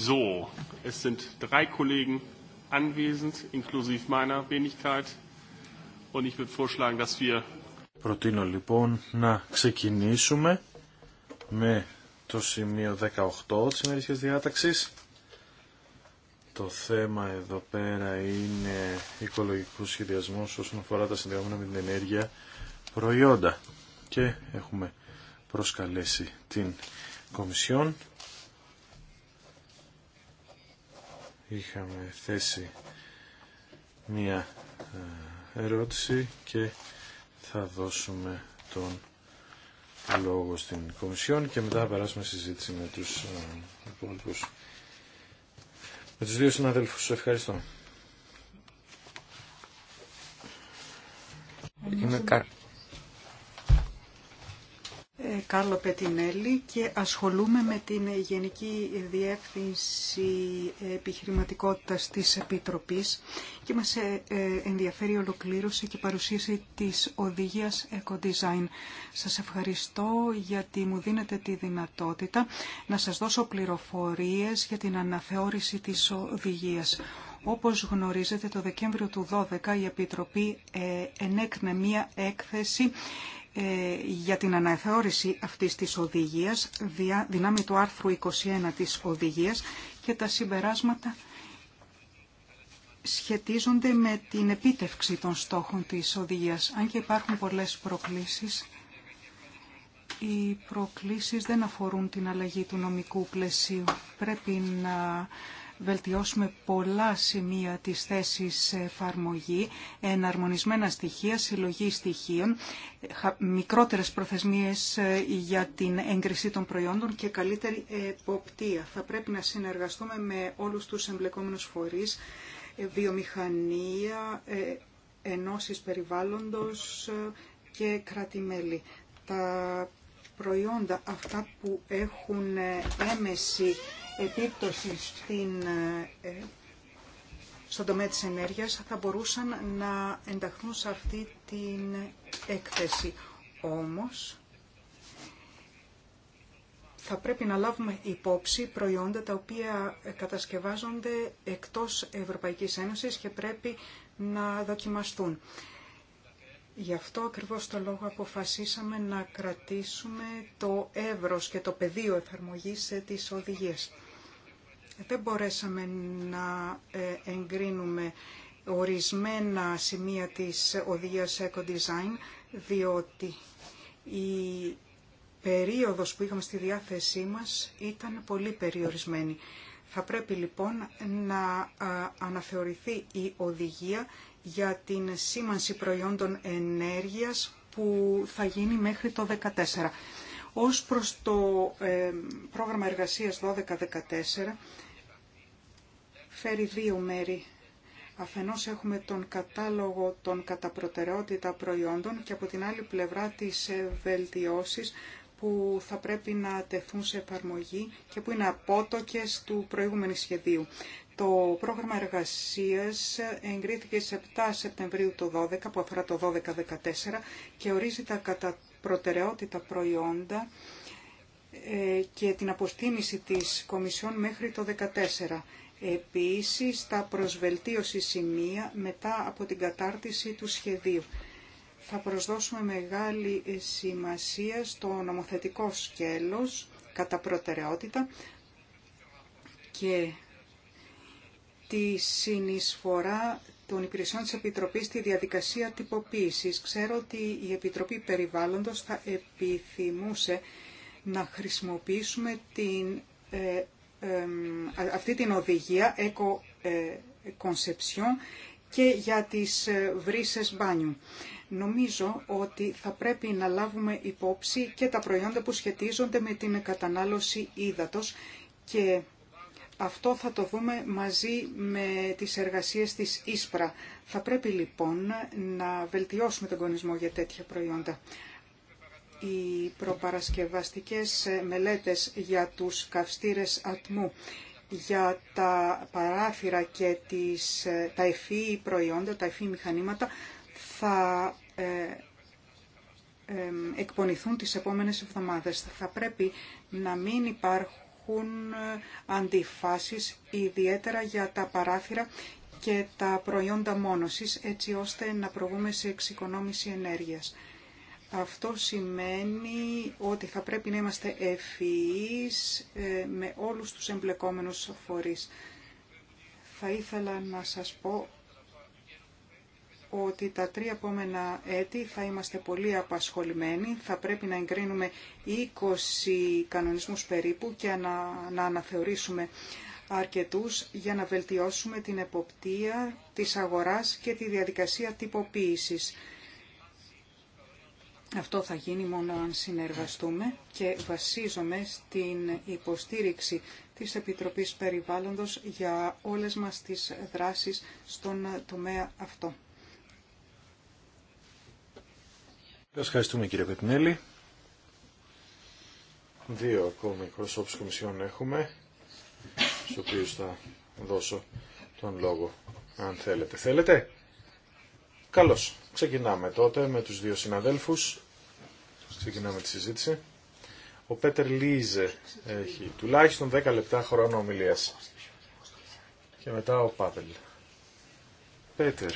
So, es sind drei Kollegen anwesend, inklusive meiner Wenigkeit. Und ich würde vorschlagen, dass wir... Προτείνω λοιπόν να ξεκινήσουμε με το σημείο 18 της ημερήσιας διάταξης. Το θέμα εδώ πέρα είναι οικολογικού σχεδιασμός όσον αφορά τα συνδεδεμένα με την ενέργεια προϊόντα. Και έχουμε προσκαλέσει την Κομισιόν είχαμε θέσει μία ε, ερώτηση και θα δώσουμε τον λόγο στην Κομισιόν και μετά θα περάσουμε συζήτηση με τους ε, υπόλοιπους. Με τους δύο συναδέλφους. Ευχαριστώ. Είμαι, κάρ Κάρλο Πετινέλη και ασχολούμαι με την Γενική Διεύθυνση Επιχειρηματικότητας της Επιτροπής και μας ε, ε, ενδιαφέρει ολοκλήρωση και παρουσίαση της οδηγίας EcoDesign. Σα Σας ευχαριστώ γιατί μου δίνετε τη δυνατότητα να σας δώσω πληροφορίες για την αναθεώρηση της οδηγίας. Όπως γνωρίζετε, το Δεκέμβριο του 2012 η Επιτροπή ε, ενέκνε μία έκθεση ε, για την αναθεώρηση αυτής της οδηγίας, διά, δυνάμει του άρθρου 21 της οδηγίας και τα συμπεράσματα σχετίζονται με την επίτευξη των στόχων της οδηγίας. Αν και υπάρχουν πολλές προκλήσεις, οι προκλήσεις δεν αφορούν την αλλαγή του νομικού πλαισίου. Πρέπει να βελτιώσουμε πολλά σημεία της θέσης εφαρμογή, εναρμονισμένα στοιχεία, συλλογή στοιχείων, μικρότερες προθεσμίες ε, για την έγκριση των προϊόντων και καλύτερη εποπτεία. Θα πρέπει να συνεργαστούμε με όλους τους εμπλεκόμενους φορείς, ε, βιομηχανία, ε, ενώσεις περιβάλλοντος και κράτη-μέλη. Τα προϊόντα αυτά που έχουν έμεση επίπτωση στην, ε, ε, στον τομέα της ενέργειας θα μπορούσαν να ενταχθούν σε αυτή την έκθεση. Όμως, θα πρέπει να λάβουμε υπόψη προϊόντα τα οποία κατασκευάζονται εκτός Ευρωπαϊκής Ένωσης και πρέπει να δοκιμαστούν. Γι' αυτό ακριβώς το λόγο αποφασίσαμε να κρατήσουμε το εύρος και το πεδίο εφαρμογής ε, της οδηγίας δεν μπορέσαμε να ε, εγκρίνουμε ορισμένα σημεία της οδηγίας Eco Design, διότι η περίοδος που είχαμε στη διάθεσή μας ήταν πολύ περιορισμένη. Θα πρέπει λοιπόν να ε, αναθεωρηθεί η οδηγία για την σήμανση προϊόντων ενέργειας που θα γίνει μέχρι το 2014. Ως προς το ε, πρόγραμμα εργασίας 12-14, φέρει δύο μέρη. Αφενός έχουμε τον κατάλογο των καταπροτεραιότητα προϊόντων και από την άλλη πλευρά τις βελτιώσεις που θα πρέπει να τεθούν σε εφαρμογή και που είναι απότοκες του προηγούμενου σχεδίου. Το πρόγραμμα εργασίας εγκρίθηκε στις 7 Σεπτεμβρίου του 12, που αφορά το 12-14 και ορίζει τα καταπροτεραιότητα προϊόντα ε, και την αποστήμηση της Κομισιόν μέχρι το 2014. Επίσης, τα προσβελτίωση σημεία μετά από την κατάρτιση του σχεδίου. Θα προσδώσουμε μεγάλη σημασία στο νομοθετικό σκέλος κατά προτεραιότητα και τη συνεισφορά των υπηρεσιών της Επιτροπής στη διαδικασία τυποποίησης. Ξέρω ότι η Επιτροπή Περιβάλλοντος θα επιθυμούσε να χρησιμοποιήσουμε την ε, αυτή την οδηγία Eco ε, Conception και για τις ε, βρύσες μπάνιου. Νομίζω ότι θα πρέπει να λάβουμε υπόψη και τα προϊόντα που σχετίζονται με την κατανάλωση ύδατος και αυτό θα το δούμε μαζί με τις εργασίες της Ίσπρα. Θα πρέπει λοιπόν να βελτιώσουμε τον κονισμό για τέτοια προϊόντα οι προπαρασκευαστικές μελέτες για τους καυστήρες ατμού, για τα παράθυρα και τις, τα εφή προϊόντα, τα εφή μηχανήματα, θα ε, ε, εκπονηθούν τις επόμενες εβδομάδες. Θα πρέπει να μην υπάρχουν ε, αντιφάσεις, ιδιαίτερα για τα παράθυρα και τα προϊόντα μόνωσης, έτσι ώστε να προβούμε σε εξοικονόμηση ενέργειας. Αυτό σημαίνει ότι θα πρέπει να είμαστε ευφυείς ε, με όλους τους εμπλεκόμενους φορείς. Θα ήθελα να σας πω ότι τα τρία επόμενα έτη θα είμαστε πολύ απασχολημένοι. Θα πρέπει να εγκρίνουμε 20 κανονισμούς περίπου και να, να αναθεωρήσουμε αρκετούς για να βελτιώσουμε την εποπτεία της αγοράς και τη διαδικασία τυποποίησης. Αυτό θα γίνει μόνο αν συνεργαστούμε και βασίζομαι στην υποστήριξη της Επιτροπής Περιβάλλοντος για όλες μας τις δράσεις στον τομέα αυτό. Ευχαριστούμε κύριε Πετνέλη. Δύο ακόμη εκπροσώπους κομισιών έχουμε, στους οποίους θα δώσω τον λόγο, αν θέλετε. Θέλετε? Καλώς. Ξεκινάμε τότε με τους δύο συναδέλφους. Ξεκινάμε τη συζήτηση. Ο Πέτερ Λίζε έχει τουλάχιστον 10 λεπτά χρόνο ομιλίας. Και μετά ο Πάβελ. Πέτερ.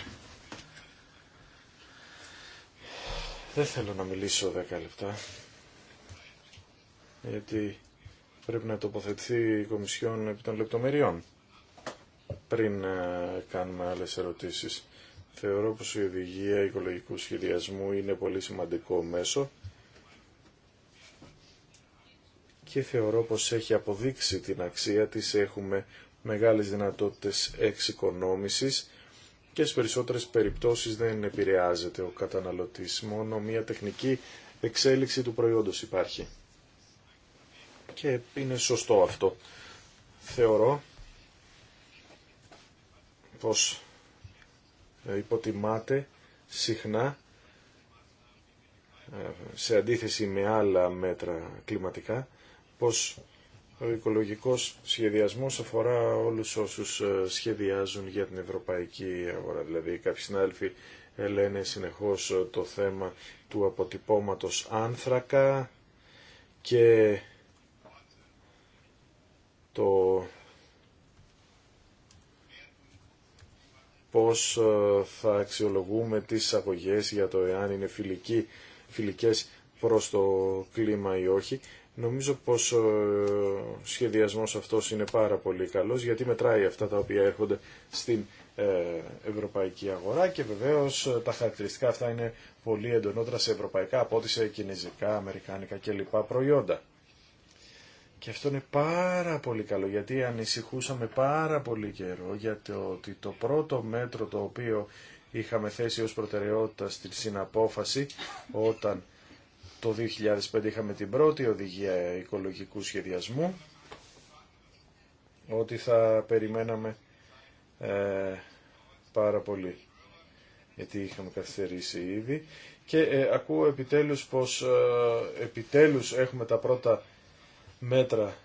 Δεν θέλω να μιλήσω 10 λεπτά. Γιατί πρέπει να τοποθετηθεί η Κομισιόν επί των λεπτομεριών πριν ε, κάνουμε άλλες ερωτήσεις. Θεωρώ πως η οδηγία οικολογικού σχεδιασμού είναι πολύ σημαντικό μέσο και θεωρώ πως έχει αποδείξει την αξία της. Έχουμε μεγάλες δυνατότητες εξοικονόμησης και στις περισσότερες περιπτώσεις δεν επηρεάζεται ο καταναλωτής. Μόνο μια τεχνική εξέλιξη του προϊόντος υπάρχει. Και είναι σωστό αυτό. Θεωρώ πως ε, υποτιμάται συχνά ε, σε αντίθεση με άλλα μέτρα κλιματικά πως ο οικολογικός σχεδιασμός αφορά όλους όσους ε, σχεδιάζουν για την ευρωπαϊκή αγορά. Δηλαδή κάποιοι συνάδελφοι λένε συνεχώς το θέμα του αποτυπώματος άνθρακα και το πώς ε, θα αξιολογούμε τις αγωγές για το εάν είναι φιλική, φιλικές προς το κλίμα ή όχι. Νομίζω πως ε, ο σχεδιασμός αυτός είναι πάρα πολύ καλός γιατί μετράει αυτά τα οποία έρχονται στην ε, ευρωπαϊκή αγορά και βεβαίως τα χαρακτηριστικά αυτά είναι πολύ εντονότερα σε ευρωπαϊκά από ό,τι σε κινέζικα, αμερικάνικα κλπ. προϊόντα. Και αυτό είναι πάρα πολύ καλό γιατί ανησυχούσαμε πάρα πολύ καιρό γιατί το ότι το πρώτο μέτρο το οποίο είχαμε θέσει ως προτεραιότητα στην συναπόφαση όταν το 2005 είχαμε την πρώτη οδηγία οικολογικού σχεδιασμού ότι θα περιμέναμε ε, πάρα πολύ γιατί είχαμε καθυστερήσει ήδη και ε, ακούω επιτέλους πως ε, επιτέλους έχουμε τα πρώτα μέτρα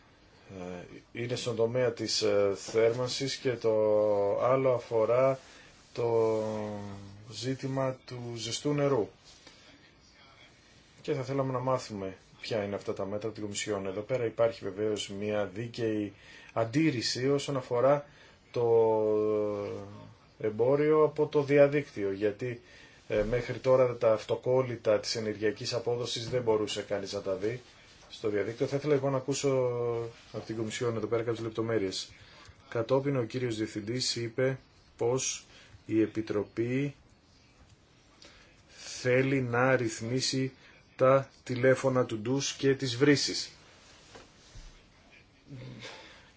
ε, είναι στον τομέα της ε, θέρμανσης και το άλλο αφορά το ζήτημα του ζεστού νερού. Και θα θέλαμε να μάθουμε ποια είναι αυτά τα μέτρα του Κομισιόν. Εδώ πέρα υπάρχει βεβαίως μια δίκαιη αντίρρηση όσον αφορά το εμπόριο από το διαδίκτυο, γιατί ε, μέχρι τώρα τα αυτοκόλλητα της ενεργειακής απόδοσης δεν μπορούσε κανείς να τα δει στο διαδίκτυο. Θα ήθελα λοιπόν να ακούσω από την Κομισιόν εδώ πέρα κάποιε λεπτομέρειες. Κατόπιν ο κύριος Διευθυντής είπε πως η Επιτροπή θέλει να ρυθμίσει τα τηλέφωνα του ντους και τις βρύσης.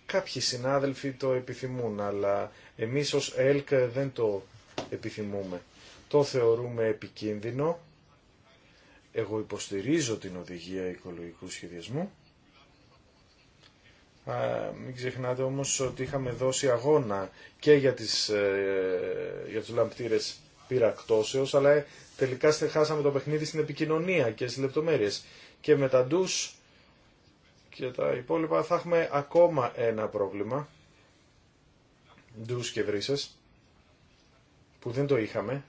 Κάποιοι συνάδελφοι το επιθυμούν, αλλά εμείς ως ΕΛΚ δεν το επιθυμούμε. Το θεωρούμε επικίνδυνο εγώ υποστηρίζω την οδηγία οικολογικού σχεδιασμού. Α, μην ξεχνάτε όμως ότι είχαμε δώσει αγώνα και για, τις, ε, για τους λαμπτήρες πυρακτώσεως, αλλά ε, τελικά χάσαμε το παιχνίδι στην επικοινωνία και στις λεπτομέρειες. Και με τα ντους και τα υπόλοιπα θα έχουμε ακόμα ένα πρόβλημα. Ντους και βρύσες, που δεν το είχαμε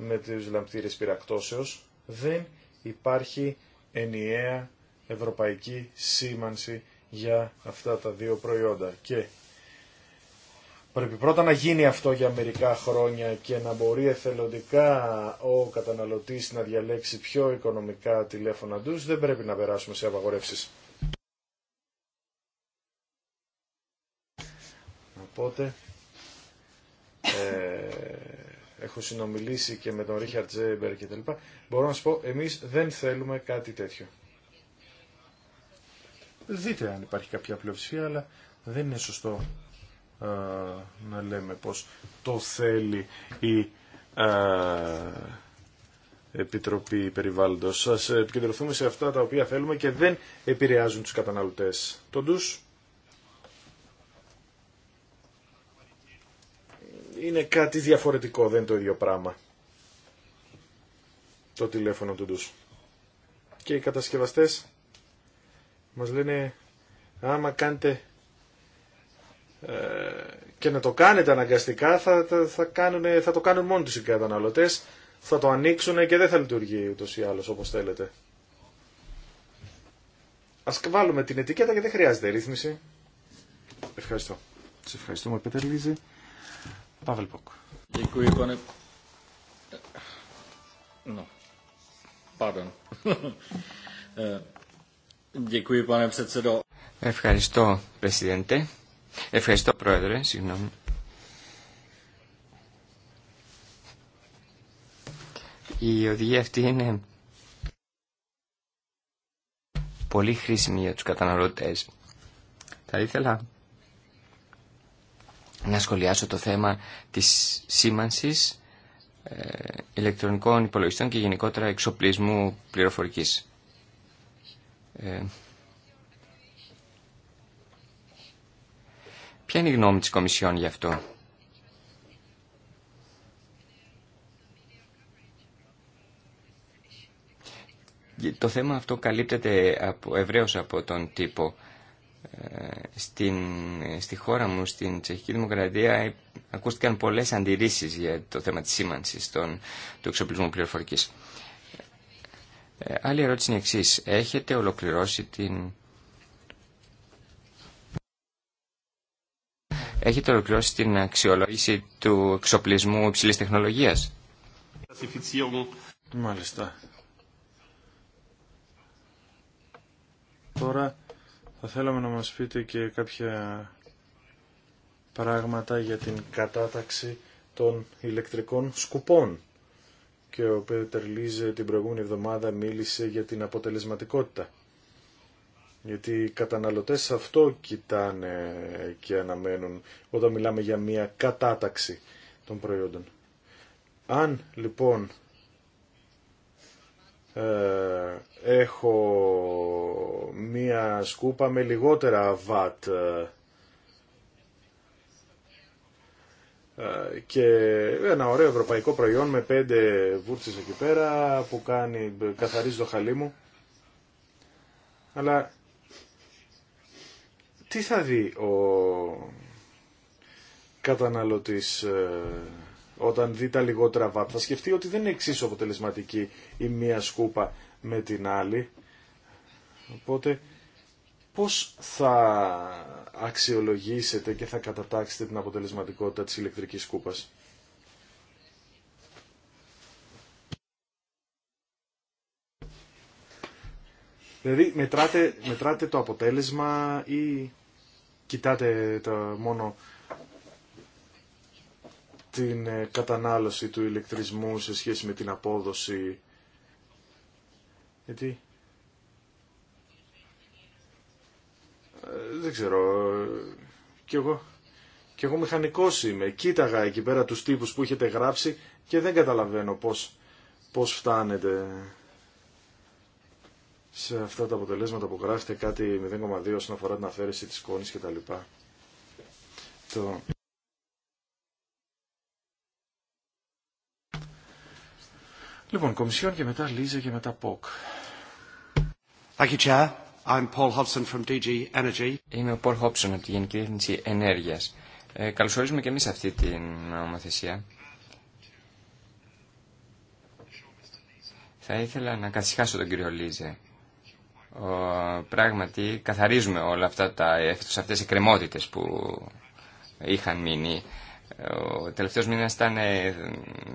με τους λαμπτήρες πυρακτώσεως, δεν υπάρχει ενιαία ευρωπαϊκή σήμανση για αυτά τα δύο προϊόντα. Και πρέπει πρώτα να γίνει αυτό για μερικά χρόνια και να μπορεί εθελοντικά ο καταναλωτής να διαλέξει πιο οικονομικά τηλέφωνα τους. Δεν πρέπει να περάσουμε σε απαγορεύσεις. Οπότε... Ε, έχω συνομιλήσει και με τον Ρίχαρτ Τζέμπερ και τα λοιπά, μπορώ να σου πω, εμείς δεν θέλουμε κάτι τέτοιο. Δείτε αν υπάρχει κάποια πλειοψηφία, αλλά δεν είναι σωστό ε, να λέμε πως το θέλει η ε, Επιτροπή Περιβάλλοντος. Σας επικεντρωθούμε σε αυτά τα οποία θέλουμε και δεν επηρεάζουν τους καταναλωτές. Τον είναι κάτι διαφορετικό, δεν είναι το ίδιο πράγμα. Το τηλέφωνο του ντους. Και οι κατασκευαστές μας λένε άμα κάνετε ε, και να το κάνετε αναγκαστικά θα, θα, θα, θα το κάνουν μόνοι τους οι καταναλωτές, θα το ανοίξουν και δεν θα λειτουργεί ούτως ή άλλως όπως θέλετε. Ας βάλουμε την ετικέτα και δεν χρειάζεται ρύθμιση. Ευχαριστώ. Σε ευχαριστούμε Πέτερ Λίζη. Pavel Pok. Děkuji, pane... No, pardon. Eh, děkuji, pane předsedo. Ευχαριστώ, Presidente. Ευχαριστώ, Πρόεδρε. Συγγνώμη. Η οδηγία αυτή είναι πολύ χρήσιμη για τους καταναλωτές. Θα ήθελα να σχολιάσω το θέμα της σήμανσης ε, ηλεκτρονικών υπολογιστών και γενικότερα εξοπλισμού πληροφορικής. Ε, ποια είναι η γνώμη της Κομισιόν γι' αυτό. Το θέμα αυτό καλύπτεται από, από τον τύπο στην, στη χώρα μου, στην Τσεχική Δημοκρατία, ακούστηκαν πολλές αντιρρήσεις για το θέμα της σήμανσης των, του εξοπλισμού πληροφορικής. Ε, άλλη ερώτηση είναι εξής. Έχετε ολοκληρώσει την... Έχετε ολοκληρώσει την αξιολόγηση του εξοπλισμού υψηλής τεχνολογίας. Μάλιστα. Τώρα θα θέλαμε να μας πείτε και κάποια πράγματα για την κατάταξη των ηλεκτρικών σκουπών. Και ο Πέτερ Λίζε την προηγούμενη εβδομάδα μίλησε για την αποτελεσματικότητα. Γιατί οι καταναλωτές αυτό κοιτάνε και αναμένουν όταν μιλάμε για μια κατάταξη των προϊόντων. Αν λοιπόν ε, έχω μία σκούπα με λιγότερα βατ ε, ε, και ένα ωραίο ευρωπαϊκό προϊόν με πέντε βούρτσες εκεί πέρα που κάνει, καθαρίζει το χαλί μου. Αλλά τι θα δει ο καταναλωτής όταν δει τα λιγότερα βάτ, θα σκεφτεί ότι δεν είναι εξίσου αποτελεσματική η μία σκούπα με την άλλη. Οπότε, πώς θα αξιολογήσετε και θα κατατάξετε την αποτελεσματικότητα της ηλεκτρικής σκούπας. Δηλαδή, μετράτε, μετράτε το αποτέλεσμα ή κοιτάτε το μόνο την ε, κατανάλωση του ηλεκτρισμού σε σχέση με την απόδοση. Γιατί... Ε, δεν ξέρω. Κι εγώ, κι εγώ μηχανικός είμαι. Κοίταγα εκεί πέρα τους τύπους που έχετε γράψει και δεν καταλαβαίνω πώς, πώς φτάνετε σε αυτά τα αποτελέσματα που γράφετε κάτι 0,2 όσον αφορά την αφαίρεση της κόνης κτλ. Το... Λοιπόν, Κομισιόν και μετά Λίζε και μετά ΠΟΚ. Είμαι ο Πολ Χόψον από τη Γενική Διεύθυνση Ενέργειας. Ε, καλωσορίζουμε και εμείς αυτή την ομοθεσία. Θα ήθελα να καθισχάσω τον κύριο Λίζε. Ο, πράγματι καθαρίζουμε όλα αυτά τα, ε, αυτές οι κρεμότητες που είχαν μείνει ο τελευταίος μήνας ήταν ε,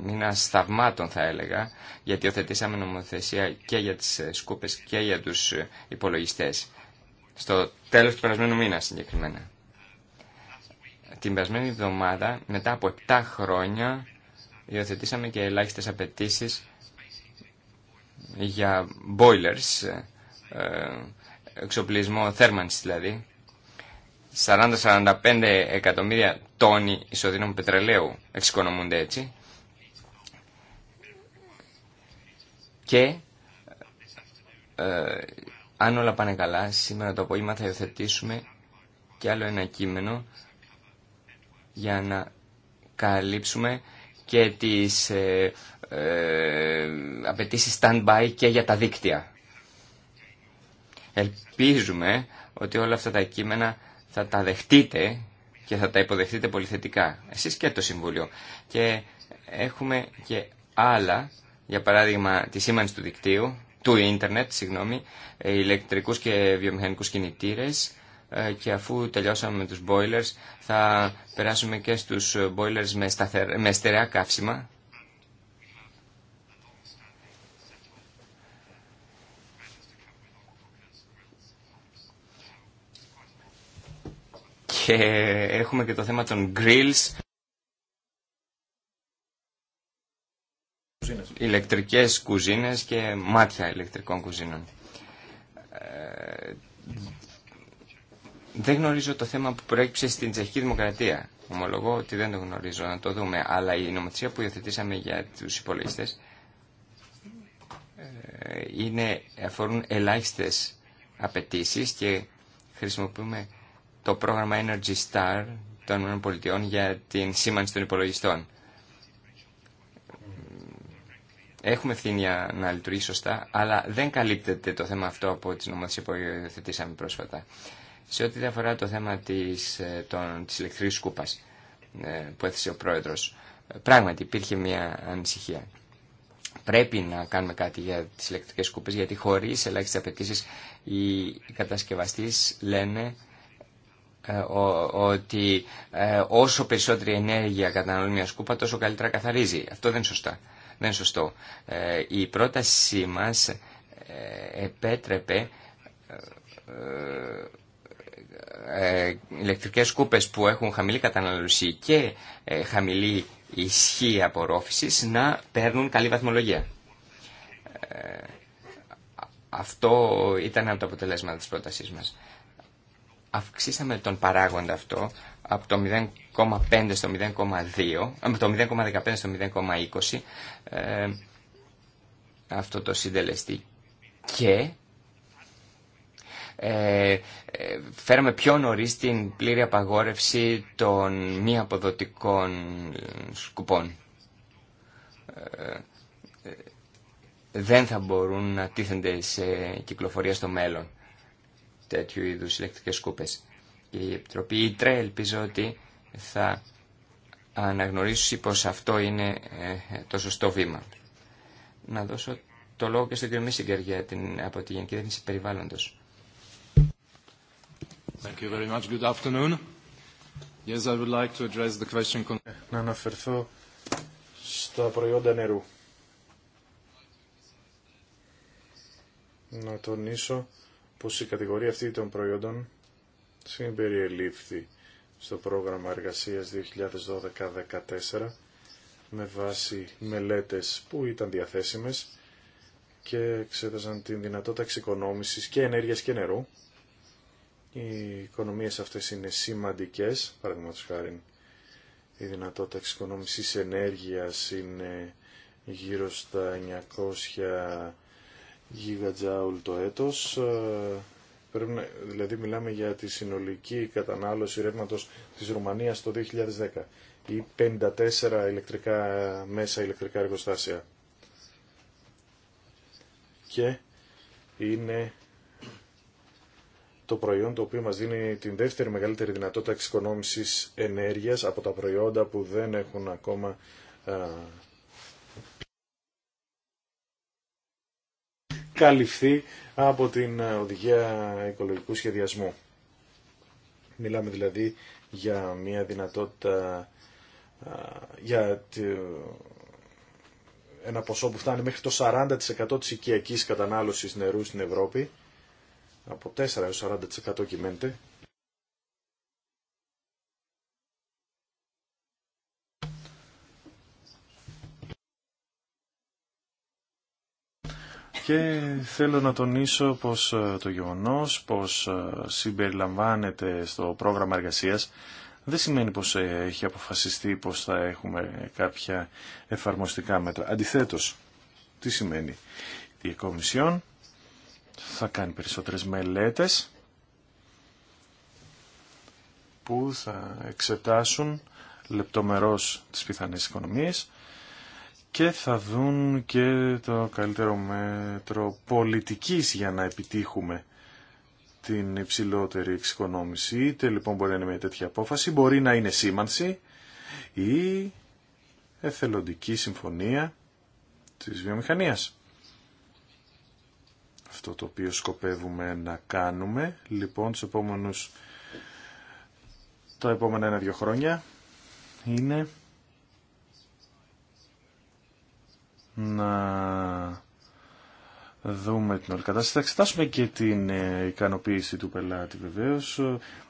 μήνας θαυμάτων θα έλεγα, γιατί οθετήσαμε νομοθεσία και για τις ε, σκούπες και για τους ε, υπολογιστές. Στο τέλος του περασμένου μήνα συγκεκριμένα. Την περασμένη εβδομάδα, μετά από 7 χρόνια, υιοθετήσαμε και ελάχιστες απαιτήσει για boilers, εξοπλισμό θέρμανσης δηλαδή, 40-45 εκατομμύρια τόνοι ισοδύναμου πετρελαίου εξοικονομούνται έτσι. Και ε, αν όλα πάνε καλά, σήμερα το απόγευμα θα υιοθετήσουμε και άλλο ένα κείμενο για να καλύψουμε και τις ε, ε απαιτήσει stand-by και για τα δίκτυα. Ελπίζουμε ότι όλα αυτά τα κείμενα θα τα δεχτείτε και θα τα υποδεχτείτε πολύ θετικά. Εσείς και το Συμβούλιο. Και έχουμε και άλλα, για παράδειγμα τη σήμανση του δικτύου, του ίντερνετ, συγγνώμη, ηλεκτρικούς και βιομηχανικούς κινητήρες ε, και αφού τελειώσαμε με τους boilers θα περάσουμε και στους boilers με, με στερεά καύσιμα Και έχουμε και το θέμα των grills. Κουζίνες. Ηλεκτρικές κουζίνες και μάτια ηλεκτρικών κουζίνων. Ε, δεν γνωρίζω το θέμα που προέκυψε στην Τσεχική Δημοκρατία. Ομολογώ ότι δεν το γνωρίζω, να το δούμε. Αλλά η νομοθεσία που υιοθετήσαμε για τους υπολογιστές ε, είναι, αφορούν ελάχιστες απαιτήσει και χρησιμοποιούμε το πρόγραμμα Energy Star των ΗΠΑ για την σήμανση των υπολογιστών. Έχουμε ευθύνη να λειτουργεί σωστά, αλλά δεν καλύπτεται το θέμα αυτό από τις νομοθεσίες που υιοθετήσαμε πρόσφατα. Σε ό,τι αφορά το θέμα της, ε, των, της ηλεκτρικής σκούπας ε, που έθεσε ο πρόεδρος, πράγματι υπήρχε μια ανησυχία. Πρέπει να κάνουμε κάτι για τις ηλεκτρικές σκούπες, γιατί χωρίς ελάχιστες απαιτήσει οι κατασκευαστές λένε ε, ότι ε, όσο περισσότερη ενέργεια καταναλώνει μια σκούπα τόσο καλύτερα καθαρίζει. Αυτό δεν είναι, Δεν είναι σωστό. Ε, η πρότασή μας επέτρεπε ηλεκτρικές σκούπες που έχουν χαμηλή καταναλωσή και χαμηλή ισχύ απορρόφησης να παίρνουν καλή βαθμολογία. αυτό ήταν από τα αποτελέσματα της πρότασής μας αυξήσαμε τον παράγοντα αυτό από το 0,5 στο 0,2, από ε, το 0,15 στο 0,20 ε, αυτό το συντελεστή και ε, ε φέραμε πιο νωρί την πλήρη απαγόρευση των μη αποδοτικών ε, σκουπών. Ε, δεν θα μπορούν να τίθενται σε κυκλοφορία στο μέλλον τέτοιου είδου ηλεκτρικέ σκούπες. Η Επιτροπή ΙΤΡΕ ελπίζω ότι θα αναγνωρίσει πω αυτό είναι ε, το σωστό βήμα. Να δώσω το λόγο και στον κ. Μίσιγκερ για την, από τη Γενική Διεύθυνση Περιβάλλοντο. Yes, I would like to address the question... Ε, να αναφερθώ στα προϊόντα νερού. Να τονίσω πως η κατηγορία αυτή των προϊόντων συμπεριελήφθη στο πρόγραμμα εργασίας 2012-2014 με βάση μελέτες που ήταν διαθέσιμες και εξέταζαν την δυνατότητα εξοικονόμησης και ενέργειας και νερού. Οι οικονομίες αυτές είναι σημαντικές, παραδείγματο χάρη η δυνατότητα εξοικονόμησης ενέργειας είναι γύρω στα 900 γιγατζάουλ το έτος. Ε, πρέπει δηλαδή μιλάμε για τη συνολική κατανάλωση ρεύματος της Ρουμανίας το 2010 ή 54 ηλεκτρικά μέσα ηλεκτρικά εργοστάσια. Και είναι το προϊόν το οποίο μας δίνει την δεύτερη μεγαλύτερη δυνατότητα εξοικονόμησης ενέργειας από τα προϊόντα που δεν έχουν ακόμα ε, καλυφθεί από την οδηγία οικολογικού σχεδιασμού. Μιλάμε δηλαδή για μια δυνατότητα, για ένα ποσό που φτάνει μέχρι το 40% της οικιακής κατανάλωσης νερού στην Ευρώπη, από 4 έως 40% κυμαίνεται, Και θέλω να τονίσω πως ε, το γεγονός πως ε, συμπεριλαμβάνεται στο πρόγραμμα εργασίας δεν σημαίνει πως ε, έχει αποφασιστεί πως θα έχουμε κάποια εφαρμοστικά μέτρα. Αντιθέτως, τι σημαίνει. Η Εκομισιόν θα κάνει περισσότερες μελέτες που θα εξετάσουν λεπτομερώς τις πιθανές οικονομίες και θα δουν και το καλύτερο μέτρο πολιτικής για να επιτύχουμε την υψηλότερη εξοικονόμηση. Είτε λοιπόν μπορεί να είναι μια τέτοια απόφαση, μπορεί να είναι σήμανση ή εθελοντική συμφωνία της βιομηχανίας. Αυτό το οποίο σκοπεύουμε να κάνουμε λοιπόν τους επόμενους τα επόμενα ένα-δύο χρόνια είναι να δούμε την όλη κατάσταση. Θα εξετάσουμε και την ε, ικανοποίηση του πελάτη βεβαίως.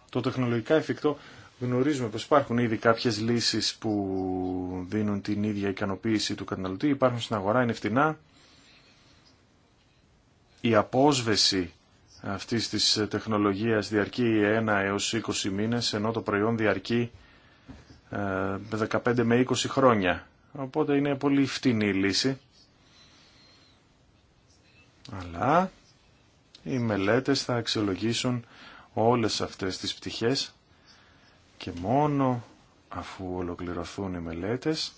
Το τεχνολογικά εφικτό γνωρίζουμε πως υπάρχουν ήδη κάποιες λύσεις που δίνουν την ίδια ικανοποίηση του καταναλωτή. Υπάρχουν στην αγορά, είναι φτηνά. Η απόσβεση αυτής της τεχνολογίας διαρκεί 1 έως 20 μήνες, ενώ το προϊόν διαρκεί 15 ε, με 20 χρόνια. Οπότε είναι πολύ φτηνή η λύση. Αλλά οι μελέτες θα αξιολογήσουν όλες αυτές τις πτυχές και μόνο αφού ολοκληρωθούν οι μελέτες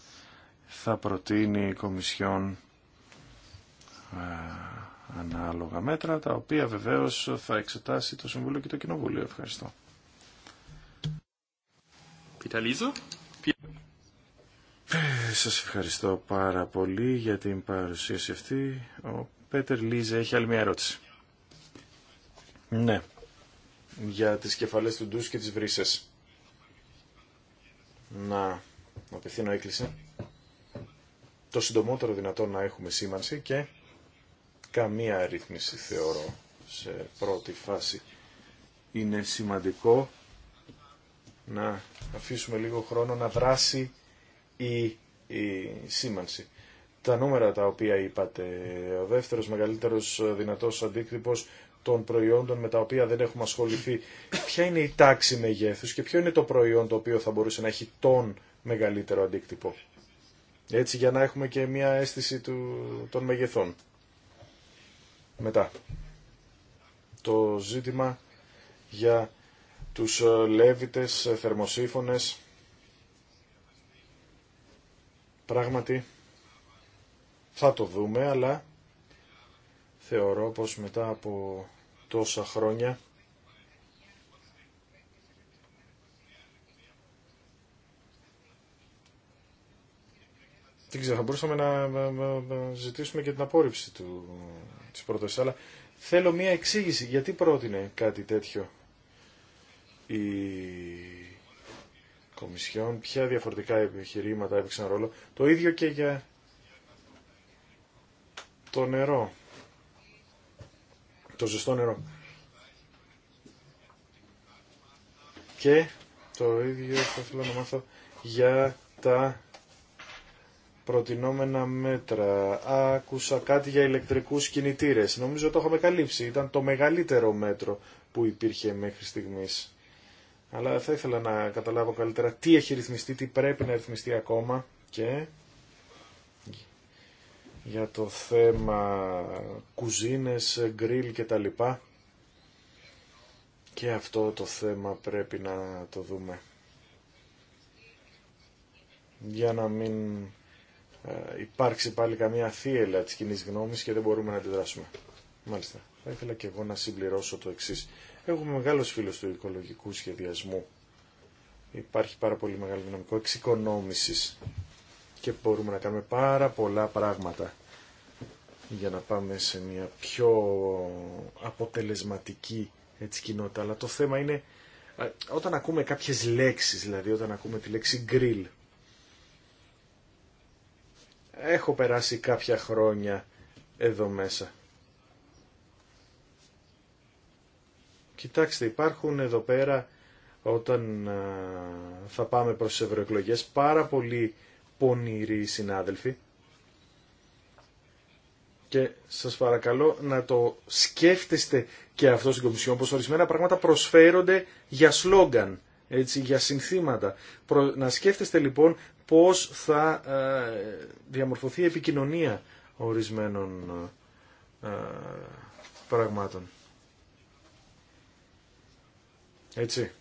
θα προτείνει η Κομισιόν ε, ανάλογα μέτρα, τα οποία βεβαίως θα εξετάσει το Συμβούλιο και το Κοινοβούλιο. Ευχαριστώ σας ευχαριστώ πάρα πολύ για την παρουσίαση αυτή. Ο Πέτερ Λίζε έχει άλλη μια ερώτηση. Ναι. Για τις κεφαλές του Ντούς και τις Βρύσες. Να απευθύνω έκκληση. Το συντομότερο δυνατό να έχουμε σήμανση και καμία αρρύθμιση θεωρώ σε πρώτη φάση. Είναι σημαντικό να αφήσουμε λίγο χρόνο να δράσει η η σήμανση. Τα νούμερα τα οποία είπατε, ο δεύτερος μεγαλύτερος δυνατός αντίκτυπος των προϊόντων με τα οποία δεν έχουμε ασχοληθεί, ποια είναι η τάξη μεγέθους και ποιο είναι το προϊόν το οποίο θα μπορούσε να έχει τον μεγαλύτερο αντίκτυπο. Έτσι για να έχουμε και μια αίσθηση του, των μεγεθών. Μετά, το ζήτημα για τους λέβητες θερμοσύφωνες Πράγματι θα το δούμε, αλλά θεωρώ πως μετά από τόσα χρόνια Δεν ξέρω, θα μπορούσαμε να ζητήσουμε και την απόρριψη του, της πρότασης, αλλά θέλω μία εξήγηση. Γιατί πρότεινε κάτι τέτοιο η Κομισιόν, ποια διαφορετικά επιχειρήματα έπαιξαν ρόλο. Το ίδιο και για το νερό, το ζεστό νερό. Και το ίδιο θα ήθελα να μάθω για τα προτινόμενα μέτρα. Άκουσα κάτι για ηλεκτρικούς κινητήρες. Νομίζω το είχαμε καλύψει. Ήταν το μεγαλύτερο μέτρο που υπήρχε μέχρι στιγμής. Αλλά θα ήθελα να καταλάβω καλύτερα τι έχει ρυθμιστεί, τι πρέπει να ρυθμιστεί ακόμα και για το θέμα κουζίνες, γκριλ και τα λοιπά. Και αυτό το θέμα πρέπει να το δούμε. Για να μην ε, υπάρξει πάλι καμία θύελα της κοινή γνώμης και δεν μπορούμε να αντιδράσουμε. Μάλιστα. Θα ήθελα και εγώ να συμπληρώσω το εξής. Έχουμε μεγάλο φίλος του οικολογικού σχεδιασμού. Υπάρχει πάρα πολύ μεγάλο δυναμικό εξοικονόμησης και μπορούμε να κάνουμε πάρα πολλά πράγματα για να πάμε σε μια πιο αποτελεσματική έτσι, κοινότητα. Αλλά το θέμα είναι όταν ακούμε κάποιες λέξεις, δηλαδή όταν ακούμε τη λέξη grill. Έχω περάσει κάποια χρόνια εδώ μέσα Κοιτάξτε, υπάρχουν εδώ πέρα όταν θα πάμε προς τις ευρωεκλογές πάρα πολύ πονηροί συνάδελφοι και σας παρακαλώ να το σκέφτεστε και αυτό στην Κομισιόν πως ορισμένα πράγματα προσφέρονται για σλόγγαν, έτσι, για συνθήματα. Να σκέφτεστε λοιπόν πώς θα διαμορφωθεί η επικοινωνία ορισμένων πραγμάτων. Έτσι.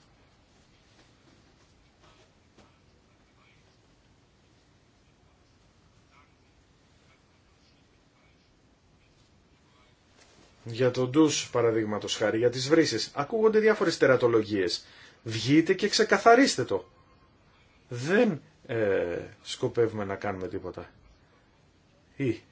Για τον ντους, παραδείγματο χάρη, για τις βρύσεις. Ακούγονται διάφορες τερατολογίες. Βγείτε και ξεκαθαρίστε το. Δεν ε, σκοπεύουμε να κάνουμε τίποτα. Ή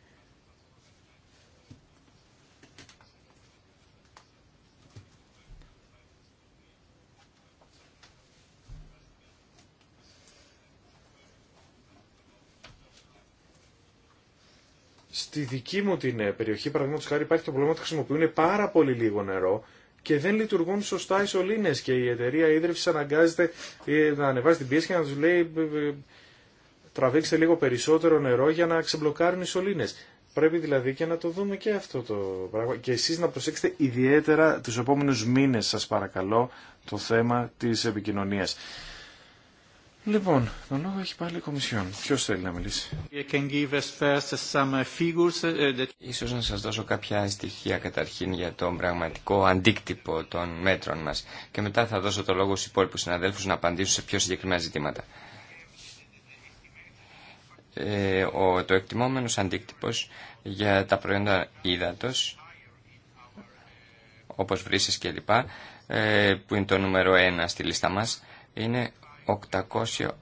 Στη δική μου την ε, περιοχή, παραδείγματο χάρη, υπάρχει το πρόβλημα ότι χρησιμοποιούν πάρα πολύ λίγο νερό και δεν λειτουργούν σωστά οι σωλήνε. Και η εταιρεία ίδρυυση αναγκάζεται ε, να ανεβάζει την πίεση και να του λέει ε, τραβήξτε λίγο περισσότερο νερό για να ξεμπλοκάρουν οι σωλήνε. Πρέπει δηλαδή και να το δούμε και αυτό το πράγμα. Και εσεί να προσέξετε ιδιαίτερα του επόμενου μήνε, σα παρακαλώ το θέμα τη επικοινωνία. Λοιπόν, τον λόγο έχει πάλι η Κομισιόν. Ποιο θέλει να μιλήσει. Uh, uh, Ίσως να σας δώσω κάποια στοιχεία καταρχήν για τον πραγματικό αντίκτυπο των μέτρων μας και μετά θα δώσω το λόγο στους υπόλοιπους συναδέλφους να απαντήσουν σε πιο συγκεκριμένα ζητήματα. Ε, ο, το εκτιμόμενος αντίκτυπος για τα προϊόντα ύδατος, όπως βρύσες κλπ, ε, που είναι το νούμερο ένα στη λίστα μας, είναι 885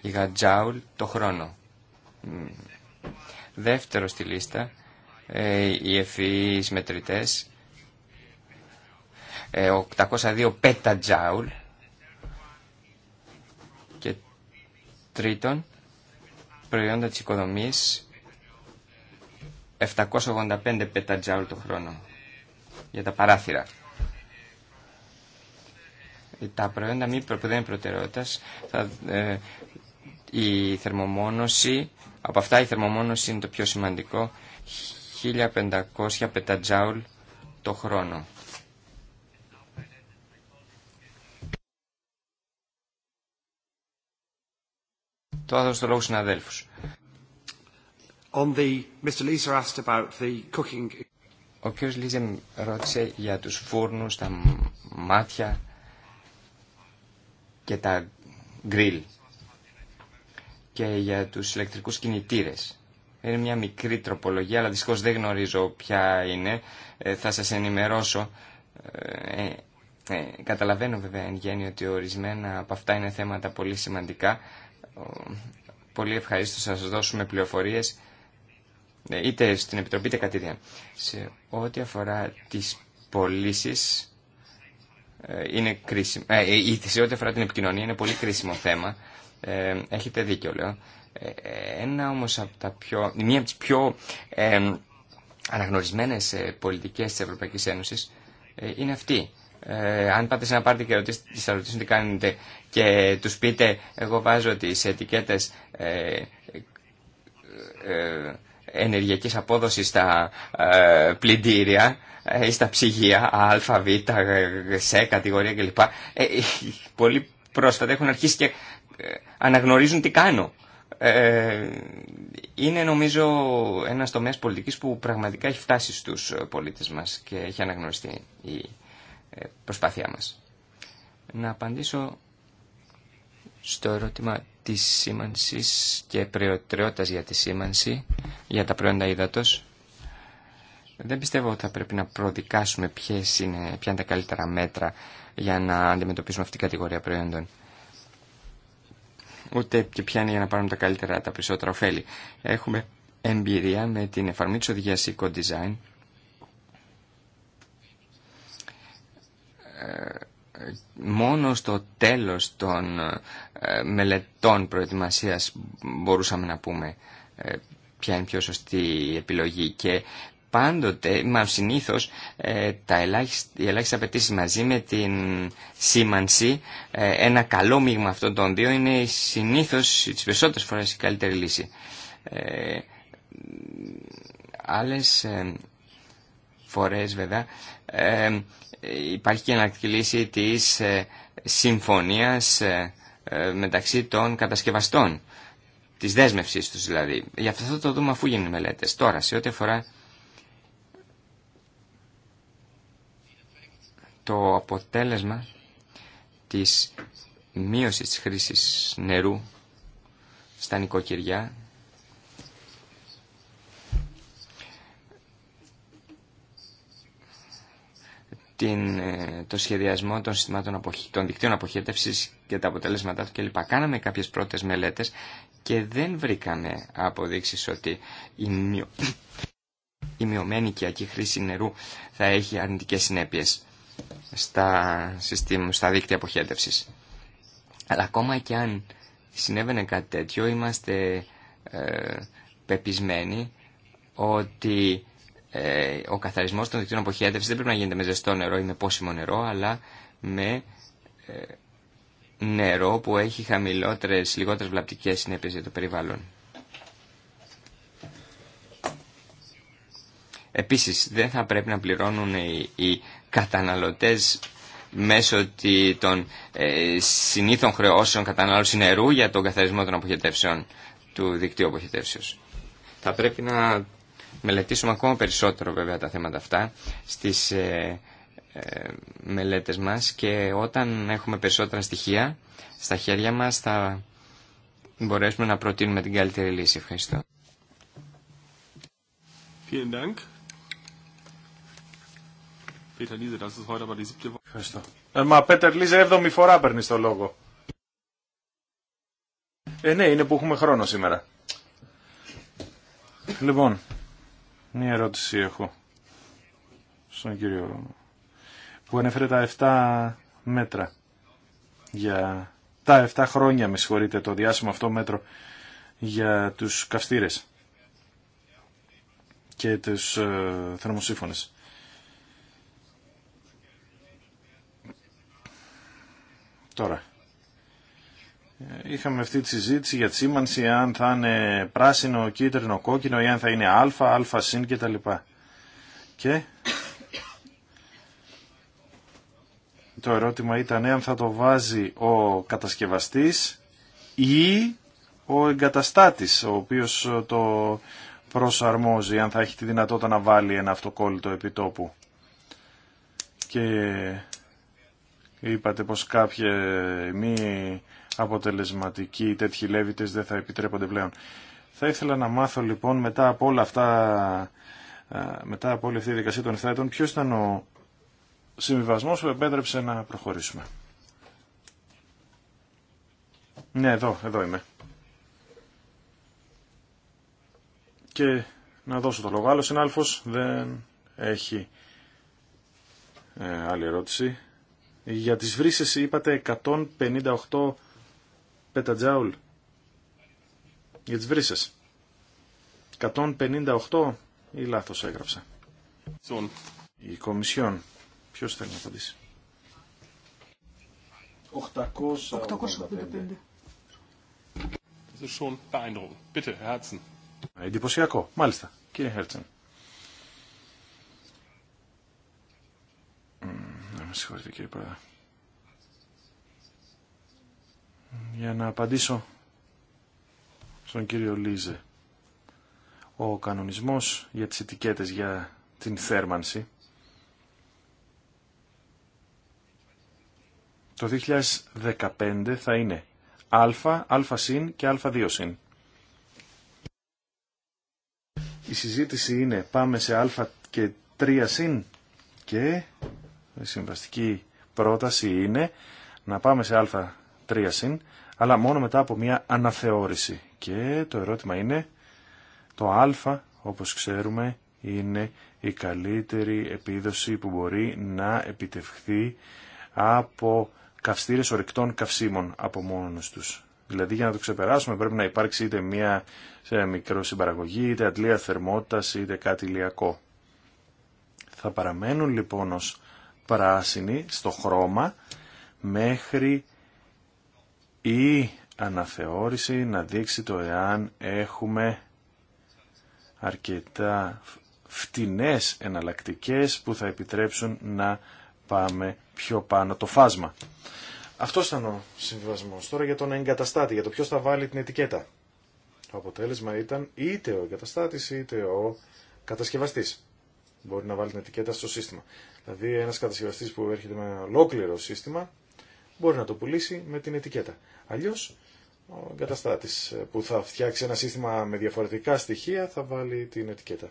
γιγατζάουλ το χρόνο. Δεύτερο στη λίστα, ε, οι ευφυείς μετρητές, 802 ε, πέτατζάουλ και τρίτον, προϊόντα της οικοδομής, 785 πέτατζάουλ το χρόνο για τα παράθυρα τα προϊόντα μη που δεν προτεραιότητας, ε, η θερμομόνωση, από αυτά η θερμομόνωση είναι το πιο σημαντικό, 1500 πεντατζάουλ το χρόνο. Το άδω στο λόγο συναδέλφους. Ο κ. Λίζε ρώτησε για τους φούρνους, τα μάτια, και τα γκριλ και για τους ηλεκτρικούς κινητήρες. Είναι μια μικρή τροπολογία, αλλά δυστυχώς δεν γνωρίζω ποια είναι. Ε, θα σας ενημερώσω. Ε, ε, καταλαβαίνω βέβαια εν γέννη ότι ορισμένα από αυτά είναι θέματα πολύ σημαντικά. Πολύ ευχαρίστω να σας δώσουμε πληροφορίες ε, είτε στην Επιτροπή είτε Σε ό,τι αφορά τις πωλήσει ε, είναι κρίσιμο. Ε, η θυσιότητα αφορά την επικοινωνία είναι πολύ κρίσιμο θέμα. Ε, έχετε δίκιο, λέω. Ε, ένα όμως από τα πιο, μία από τι πιο ε, αναγνωρισμένες ε, πολιτικές Ευρωπαϊκή Ένωση Ένωσης είναι αυτή. Ε, αν πάτε σε ένα πάρτι και ρωτήσετε, σας ρωτήσουν τι κάνετε και τους πείτε εγώ βάζω τις ετικέτες ενεργειακής απόδοσης στα ε, πλυντήρια ε, ή στα ψυγεία, α, β, σε κατηγορία κλπ. Ε, πολύ πρόσφατα έχουν αρχίσει και αναγνωρίζουν τι κάνω. Είναι νομίζω ένας τομέας πολιτικής που πραγματικά έχει φτάσει στους πολίτες μας και έχει αναγνωριστεί η προσπάθειά μας. Να απαντήσω στο ερώτημα τη σήμανση και προτεραιότητα για τη σήμανση, για τα προϊόντα ύδατο. δεν πιστεύω ότι θα πρέπει να προδικάσουμε ποιες είναι, ποια είναι τα καλύτερα μέτρα για να αντιμετωπίσουμε αυτή την κατηγορία προϊόντων. Ούτε και ποια είναι για να πάρουμε τα καλύτερα, τα περισσότερα ωφέλη. Έχουμε εμπειρία με την εφαρμογή τη οδηγία Eco Design. Ε, μόνο στο τέλος των ε, μελετών προετοιμασίας μπορούσαμε να πούμε ε, ποια είναι πιο σωστή επιλογή και πάντοτε, μα συνήθως, ε, τα ελάχιστα, οι ελάχιστε απαιτήσει μαζί με την σήμανση, ένα καλό μείγμα αυτών των δύο είναι συνήθως, τις περισσότερες φορές, η καλύτερη λύση. άλλες φορές βέβαια υπάρχει και εναλλακτική λύση της ε, συμφωνίας ε, ε, μεταξύ των κατασκευαστών, της δέσμευσής τους δηλαδή. Γι' αυτό το δούμε αφού γίνουν μελέτες. Τώρα, σε ό,τι αφορά το αποτέλεσμα της μείωσης της χρήσης νερού στα νοικοκυριά την, ε, το σχεδιασμό των συστημάτων των δικτύων αποχέτευσης και τα αποτελέσματά του κλπ. Κάναμε κάποιες πρώτες μελέτες και δεν βρήκαμε αποδείξεις ότι η, μειω... η μειωμένη χρήση νερού θα έχει αρνητικές συνέπειες στα, στα δίκτυα αποχέτευσης. Αλλά ακόμα και αν συνέβαινε κάτι τέτοιο, είμαστε ε, πεπισμένοι ότι ε, ο καθαρισμός των δικτύων αποχέτευση δεν πρέπει να γίνεται με ζεστό νερό ή με πόσιμο νερό, αλλά με ε, νερό που έχει χαμηλότερες, λιγότερες βλαπτικές συνέπειες για το περιβάλλον. Επίσης, δεν θα πρέπει να πληρώνουν οι, καταναλωτές μέσω των ε, συνήθων χρεώσεων κατανάλωση νερού για τον καθαρισμό των αποχετεύσεων του δικτύου αποχετεύσεως. Θα πρέπει να μελετήσουμε ακόμα περισσότερο βέβαια τα θέματα αυτά στις ε, ε, μελέτες μας και όταν έχουμε περισσότερα στοιχεία στα χέρια μας θα μπορέσουμε να προτείνουμε την καλύτερη λύση. Ευχαριστώ. Ευχαριστώ. μα Πέτερ Λίζε, έβδομη φορά παίρνει το λόγο. Ε, ναι, είναι που έχουμε χρόνο σήμερα. Λοιπόν, Μία ερώτηση έχω στον κύριο που ανέφερε τα 7 μέτρα για τα 7 χρόνια, με συγχωρείτε, το διάσημο αυτό μέτρο για τους καυστήρες και τους ε, Τώρα, Είχαμε αυτή τη συζήτηση για τη σήμανση αν θα είναι πράσινο, κίτρινο, κόκκινο ή αν θα είναι α, α συν και τα λοιπά. Και το ερώτημα ήταν αν θα το βάζει ο κατασκευαστής ή ο εγκαταστάτης ο οποίος το προσαρμόζει αν θα έχει τη δυνατότητα να βάλει ένα αυτοκόλλητο επιτόπου. Και είπατε πως κάποιοι μη αποτελεσματικοί οι τέτοιοι λέβητες δεν θα επιτρέπονται πλέον. Θα ήθελα να μάθω λοιπόν μετά από όλα αυτά, μετά από όλη αυτή η δικασία των 7 ποιος ήταν ο συμβιβασμός που επέτρεψε να προχωρήσουμε. Ναι, εδώ, εδώ είμαι. Και να δώσω το λόγο. Άλλο συνάλφος δεν έχει ε, άλλη ερώτηση. Για τις βρύσες είπατε 158 πετατζάουλ για τις βρύσες. 158 ή λάθος έγραψα. Η Κομισιόν. Ποιος θέλει να απαντήσει. 885. Εντυπωσιακό. Μάλιστα. Κύριε Χέρτσεν. Να με συγχωρείτε κύριε Πρόεδρε για να απαντήσω στον κύριο Λίζε. Ο κανονισμός για τις ετικέτες για την θέρμανση το 2015 θα είναι α, α συν και α2 συν. Η συζήτηση είναι πάμε σε α και 3 συν και η συμβαστική πρόταση είναι να πάμε σε α τρία συν, αλλά μόνο μετά από μια αναθεώρηση. Και το ερώτημα είναι, το α, όπως ξέρουμε, είναι η καλύτερη επίδοση που μπορεί να επιτευχθεί από καυστήρες ορεκτών καυσίμων από μόνος τους. Δηλαδή για να το ξεπεράσουμε πρέπει να υπάρξει είτε μία ε, μικρό συμπαραγωγή, είτε αντλία θερμότητας, είτε κάτι ηλιακό. Θα παραμένουν λοιπόν ως πράσινοι στο χρώμα μέχρι η αναθεώρηση να δείξει το εάν έχουμε αρκετά φτηνές εναλλακτικές που θα επιτρέψουν να πάμε πιο πάνω το φάσμα. Αυτό ήταν ο συμβιβασμό. Τώρα για τον εγκαταστάτη, για το ποιο θα βάλει την ετικέτα. Το αποτέλεσμα ήταν είτε ο εγκαταστάτη είτε ο κατασκευαστή. Μπορεί να βάλει την ετικέτα στο σύστημα. Δηλαδή, ένα κατασκευαστή που έρχεται με ένα ολόκληρο σύστημα μπορεί να το πουλήσει με την ετικέτα. Αλλιώ, ο εγκαταστάτη που θα φτιάξει ένα σύστημα με διαφορετικά στοιχεία θα βάλει την ετικέτα.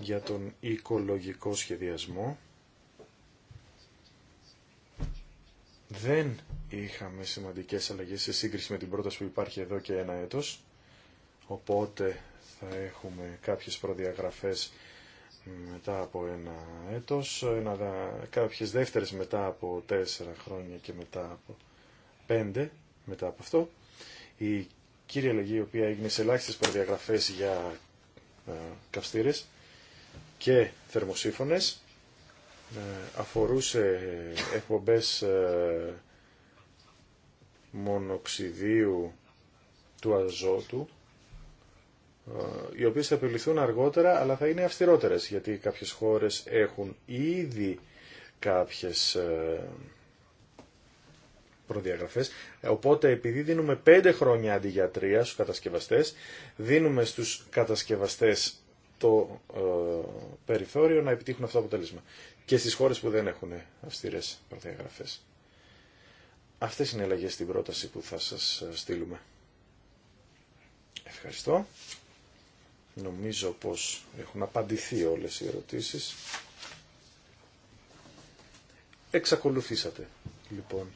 Για τον οικολογικό σχεδιασμό δεν είχαμε σημαντικές αλλαγές σε σύγκριση με την πρόταση που υπάρχει εδώ και ένα έτος, οπότε θα έχουμε κάποιες προδιαγραφές μετά από ένα έτος, ένα, κάποιες δεύτερες μετά από τέσσερα χρόνια και μετά από πέντε, μετά από αυτό. Η κύρια αλλαγή η οποία έγινε σε ελάχιστες προδιαγραφές για ε, καυστήρες και θερμοσύφωνες ε, αφορούσε εκπομπές ε, μονοξιδίου του αζότου οι οποίες θα επιβληθούν αργότερα αλλά θα είναι αυστηρότερες γιατί κάποιες χώρες έχουν ήδη κάποιες ε, προδιαγραφές. Οπότε επειδή δίνουμε πέντε χρόνια αντί για τρία στους κατασκευαστές, δίνουμε στους κατασκευαστές το ε, περιθώριο να επιτύχουν αυτό το αποτέλεσμα. Και στις χώρες που δεν έχουν αυστηρές προδιαγραφές. Αυτές είναι οι αλλαγές στην πρόταση που θα σας ε, στείλουμε. Ευχαριστώ. Νομίζω πως έχουν απαντηθεί όλες οι ερωτήσεις. Εξακολουθήσατε, λοιπόν,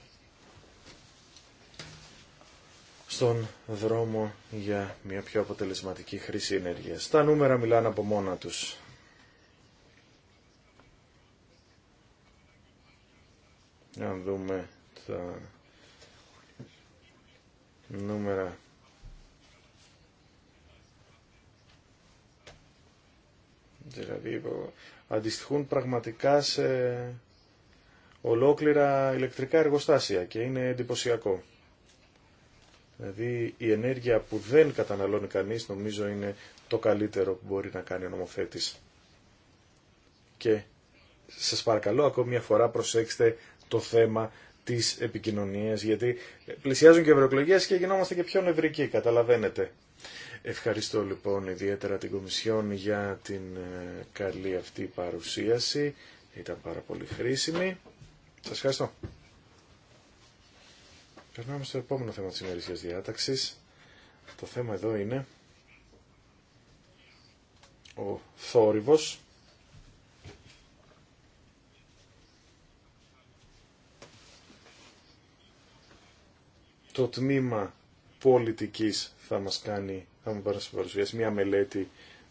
στον δρόμο για μια πιο αποτελεσματική χρήση ενέργειας. Τα νούμερα μιλάνε από μόνα τους. Να δούμε τα νούμερα δηλαδή αντιστοιχούν πραγματικά σε ολόκληρα ηλεκτρικά εργοστάσια και είναι εντυπωσιακό. Δηλαδή η ενέργεια που δεν καταναλώνει κανείς νομίζω είναι το καλύτερο που μπορεί να κάνει ο νομοθέτης. Και σας παρακαλώ ακόμη μια φορά προσέξτε το θέμα της επικοινωνίας γιατί πλησιάζουν και ευρωεκλογές και γινόμαστε και πιο νευρικοί καταλαβαίνετε. Ευχαριστώ λοιπόν ιδιαίτερα την Κομισιόν για την ε, καλή αυτή παρουσίαση. Ήταν πάρα πολύ χρήσιμη. Σας ευχαριστώ. Περνάμε στο επόμενο θέμα της ημερησίας διάταξης. Το θέμα εδώ είναι ο θόρυβος. Το τμήμα πολιτικής θα μας κάνει είχαμε παρουσιάσει μια μελέτη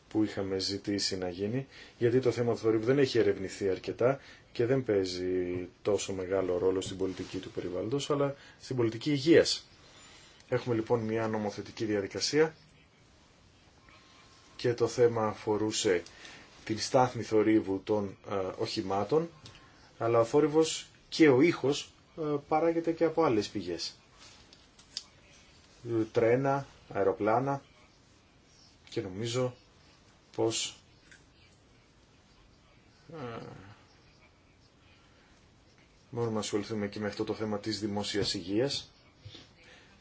που είχαμε ζητήσει να γίνει, γιατί το θέμα του θορύβου δεν έχει ερευνηθεί αρκετά και δεν παίζει τόσο μεγάλο ρόλο στην πολιτική του περιβάλλοντος, αλλά στην πολιτική υγείας. Έχουμε λοιπόν μια νομοθετική διαδικασία και το θέμα αφορούσε την στάθμη θορύβου των ε, οχημάτων, αλλά ο θόρυβος και ο ήχος ε, παράγεται και από άλλες πηγές. Τρένα, αεροπλάνα και νομίζω πως ε, μπορούμε να ασχοληθούμε και με αυτό το θέμα της δημόσιας υγείας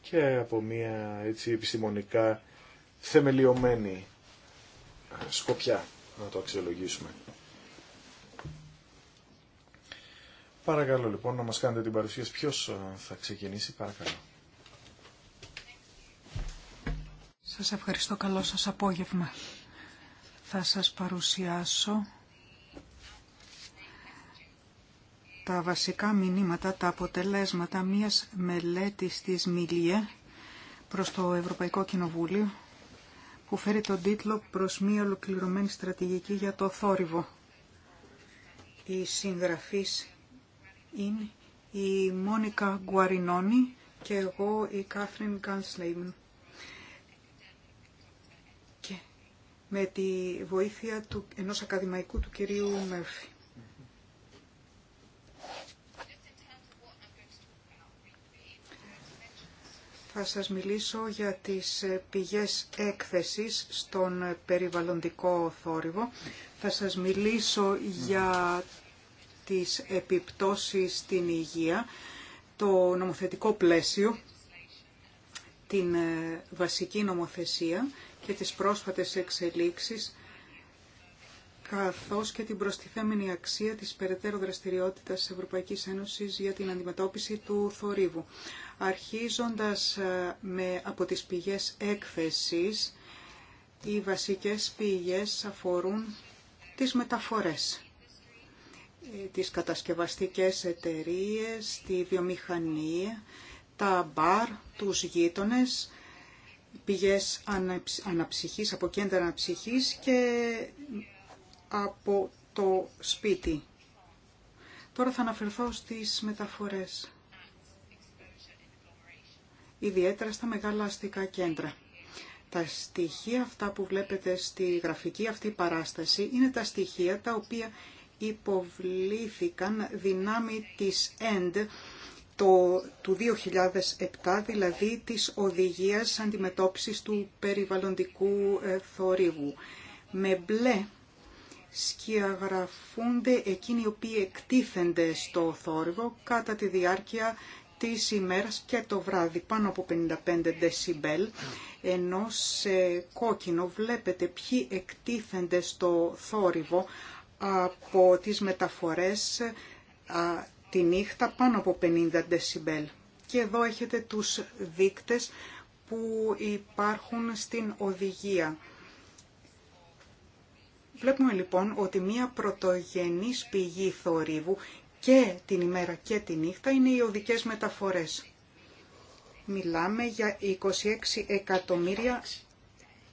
και από μια έτσι επιστημονικά θεμελιωμένη ε, σκοπιά να το αξιολογήσουμε. Παρακαλώ λοιπόν να μας κάνετε την παρουσίαση. Ποιος ε, θα ξεκινήσει, παρακαλώ. Σας ευχαριστώ. Καλό σας απόγευμα. Θα σας παρουσιάσω τα βασικά μηνύματα, τα αποτελέσματα μιας μελέτης της Μιλιέ προς το Ευρωπαϊκό Κοινοβούλιο που φέρει τον τίτλο «Προς μία ολοκληρωμένη στρατηγική για το θόρυβο». Η συγγραφής είναι η Μόνικα Γκουαρινόνη και εγώ η Κάθριν Γκάνσλεϊμ. με τη βοήθεια του, ενός ακαδημαϊκού του κυρίου Μέρφη. Θα σας μιλήσω για τις πηγές έκθεσης στον περιβαλλοντικό θόρυβο. Θα σας μιλήσω για τις επιπτώσεις στην υγεία, το νομοθετικό πλαίσιο, την ε, βασική νομοθεσία και τις πρόσφατες εξελίξεις, καθώς και την προστιθέμενη αξία της περαιτέρω δραστηριότητας της Ευρωπαϊκής Ένωσης για την αντιμετώπιση του θορύβου. Αρχίζοντας ε, με, από τις πηγές έκθεσης, οι βασικές πηγές αφορούν τις μεταφορές ε, τις κατασκευαστικές εταιρείες, τη βιομηχανία, τα μπαρ, τους γείτονες, πηγές αναψυχής, από κέντρα αναψυχής και από το σπίτι. Τώρα θα αναφερθώ στις μεταφορές, ιδιαίτερα στα μεγάλα αστικά κέντρα. Τα στοιχεία αυτά που βλέπετε στη γραφική αυτή παράσταση είναι τα στοιχεία τα οποία υποβλήθηκαν δυνάμει της end το, του 2007, δηλαδή της οδηγίας αντιμετώπισης του περιβαλλοντικού ε, θορύβου. Με μπλε σκιαγραφούνται εκείνοι οι οποίοι εκτίθενται στο θόρυβο κατά τη διάρκεια της ημέρας και το βράδυ, πάνω από 55 δεσιμπέλ, ενώ σε κόκκινο βλέπετε ποιοι εκτίθενται στο θόρυβο από τις μεταφορές τη νύχτα πάνω από 50 δεσιμπέλ. Και εδώ έχετε τους δείκτες που υπάρχουν στην οδηγία. Βλέπουμε λοιπόν ότι μία πρωτογενής πηγή θορύβου και την ημέρα και τη νύχτα είναι οι οδικές μεταφορές. Μιλάμε για 26 εκατομμύρια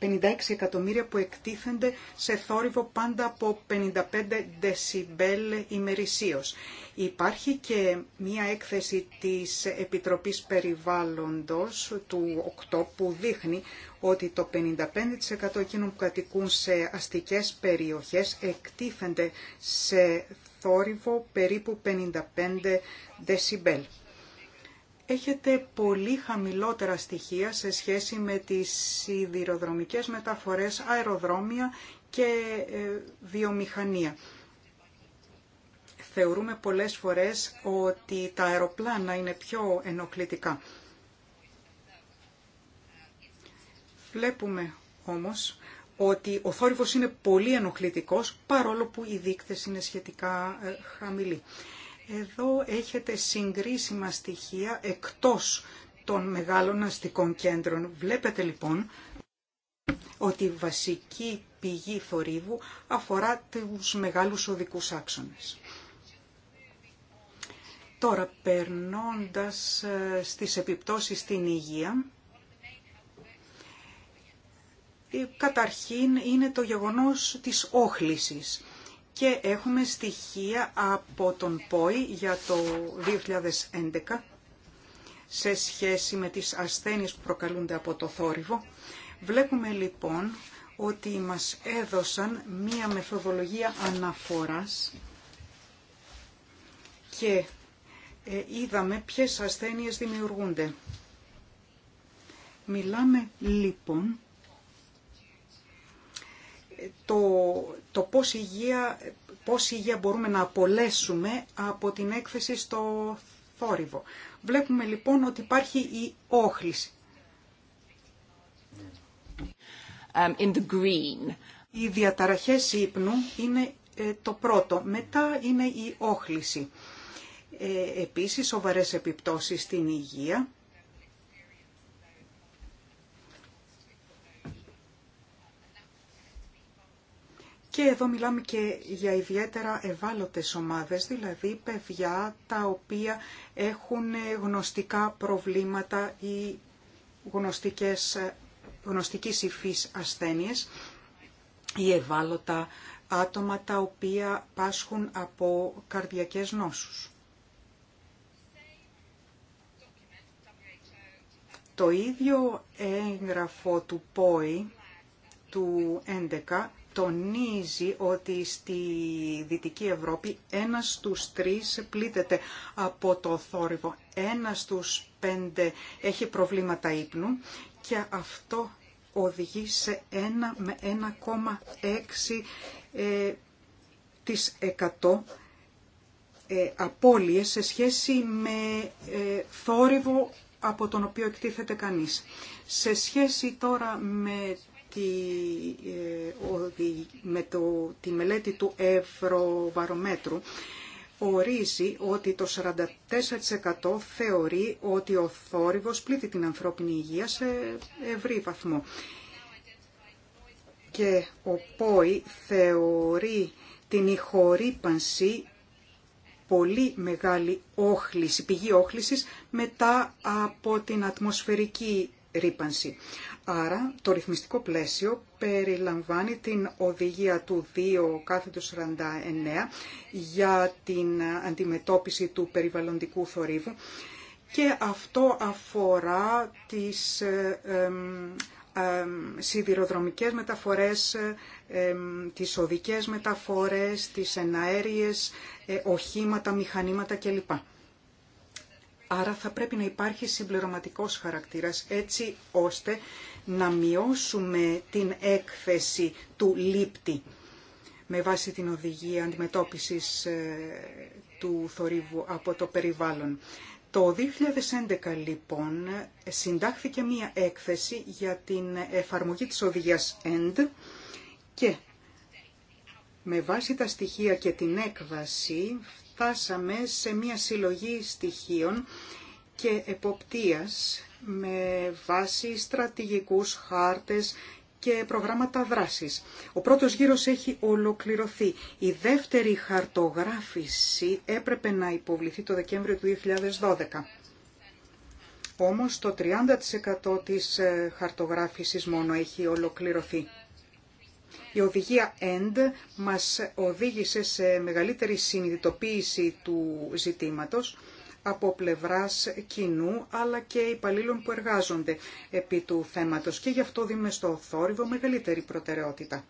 56 εκατομμύρια που εκτίθενται σε θόρυβο πάντα από 55 δεσιμπέλ ημερησίως. Υπάρχει και μία έκθεση της Επιτροπής Περιβάλλοντος του 8 που δείχνει ότι το 55% εκείνων που κατοικούν σε αστικές περιοχές εκτίθενται σε θόρυβο περίπου 55 δεσιμπέλ έχετε πολύ χαμηλότερα στοιχεία σε σχέση με τις σιδηροδρομικές μεταφορές, αεροδρόμια και ε, βιομηχανία. Θεωρούμε πολλές φορές ότι τα αεροπλάνα είναι πιο ενοχλητικά. Βλέπουμε όμως ότι ο θόρυβος είναι πολύ ενοχλητικός παρόλο που οι δείκτες είναι σχετικά ε, χαμηλοί. Εδώ έχετε συγκρίσιμα στοιχεία εκτός των μεγάλων αστικών κέντρων. Βλέπετε λοιπόν ότι η βασική πηγή θορύβου αφορά τους μεγάλους οδικούς άξονες. Τώρα, περνώντας ε, στις επιπτώσεις στην υγεία, ε, καταρχήν είναι το γεγονός της όχλησης και έχουμε στοιχεία από τον ΠΟΗ για το 2011 σε σχέση με τις ασθένειες που προκαλούνται από το θόρυβο. Βλέπουμε λοιπόν ότι μας έδωσαν μία μεθοδολογία αναφοράς και ε, είδαμε ποιες ασθένειες δημιουργούνται. Μιλάμε λοιπόν το, το πώς, υγεία, πώς υγεία μπορούμε να απολέσουμε από την έκθεση στο θόρυβο. Βλέπουμε λοιπόν ότι υπάρχει η όχληση. Um, in the green. Οι διαταραχές ύπνου είναι ε, το πρώτο. Μετά είναι η όχληση. Ε, επίσης, σοβαρές επιπτώσεις στην υγεία Και εδώ μιλάμε και για ιδιαίτερα ευάλωτες ομάδες, δηλαδή παιδιά τα οποία έχουν γνωστικά προβλήματα ή γνωστικές, γνωστικής υφής ασθένειες ή ευάλωτα άτομα τα οποία πάσχουν από καρδιακές νόσους. Το ίδιο έγγραφο του ΠΟΗ του 11 τονίζει ότι στη Δυτική Ευρώπη ένας στους τρεις πλήττεται από το θόρυβο, ένας στους πέντε έχει προβλήματα ύπνου και αυτό οδηγεί σε 1 με 1,6 ε, της 100 ε, απώλειες σε σχέση με ε, θόρυβο από τον οποίο εκτίθεται κανείς. Σε σχέση τώρα με ε, ότι με το, τη μελέτη του Ευρωβαρομέτρου ορίζει ότι το 44% θεωρεί ότι ο θόρυβος πλήττει την ανθρώπινη υγεία σε ευρύ βαθμό. Και ο ΠΟΗ θεωρεί την ηχορύπανση πολύ μεγάλη όχληση, πηγή όχλησης μετά από την ατμοσφαιρική ρύπανση. Άρα το ρυθμιστικό πλαίσιο περιλαμβάνει την οδηγία του 2 49 για την αντιμετώπιση του περιβαλλοντικού θορύβου και αυτό αφορά τις ε, ε, σιδηροδρομικές μεταφορές, τις οδικές μεταφορές, τις εναέριες, ε, οχήματα, μηχανήματα κλπ. Άρα θα πρέπει να υπάρχει συμπληρωματικός χαρακτήρας έτσι ώστε να μειώσουμε την έκθεση του λήπτη με βάση την οδηγία αντιμετώπισης ε, του θορύβου από το περιβάλλον. Το 2011 λοιπόν συντάχθηκε μία έκθεση για την εφαρμογή της οδηγίας END και με βάση τα στοιχεία και την έκβαση φτάσαμε σε μια συλλογή στοιχείων και εποπτείας με βάση στρατηγικούς χάρτες και προγράμματα δράσης. Ο πρώτος γύρος έχει ολοκληρωθεί. Η δεύτερη χαρτογράφηση έπρεπε να υποβληθεί το Δεκέμβριο του 2012. Όμως το 30% της ε, χαρτογράφησης μόνο έχει ολοκληρωθεί. Η οδηγία END μας οδήγησε σε μεγαλύτερη συνειδητοποίηση του ζητήματος από πλευράς κοινού αλλά και υπαλλήλων που εργάζονται επί του θέματος και γι' αυτό δίνουμε στο θόρυβο μεγαλύτερη προτεραιότητα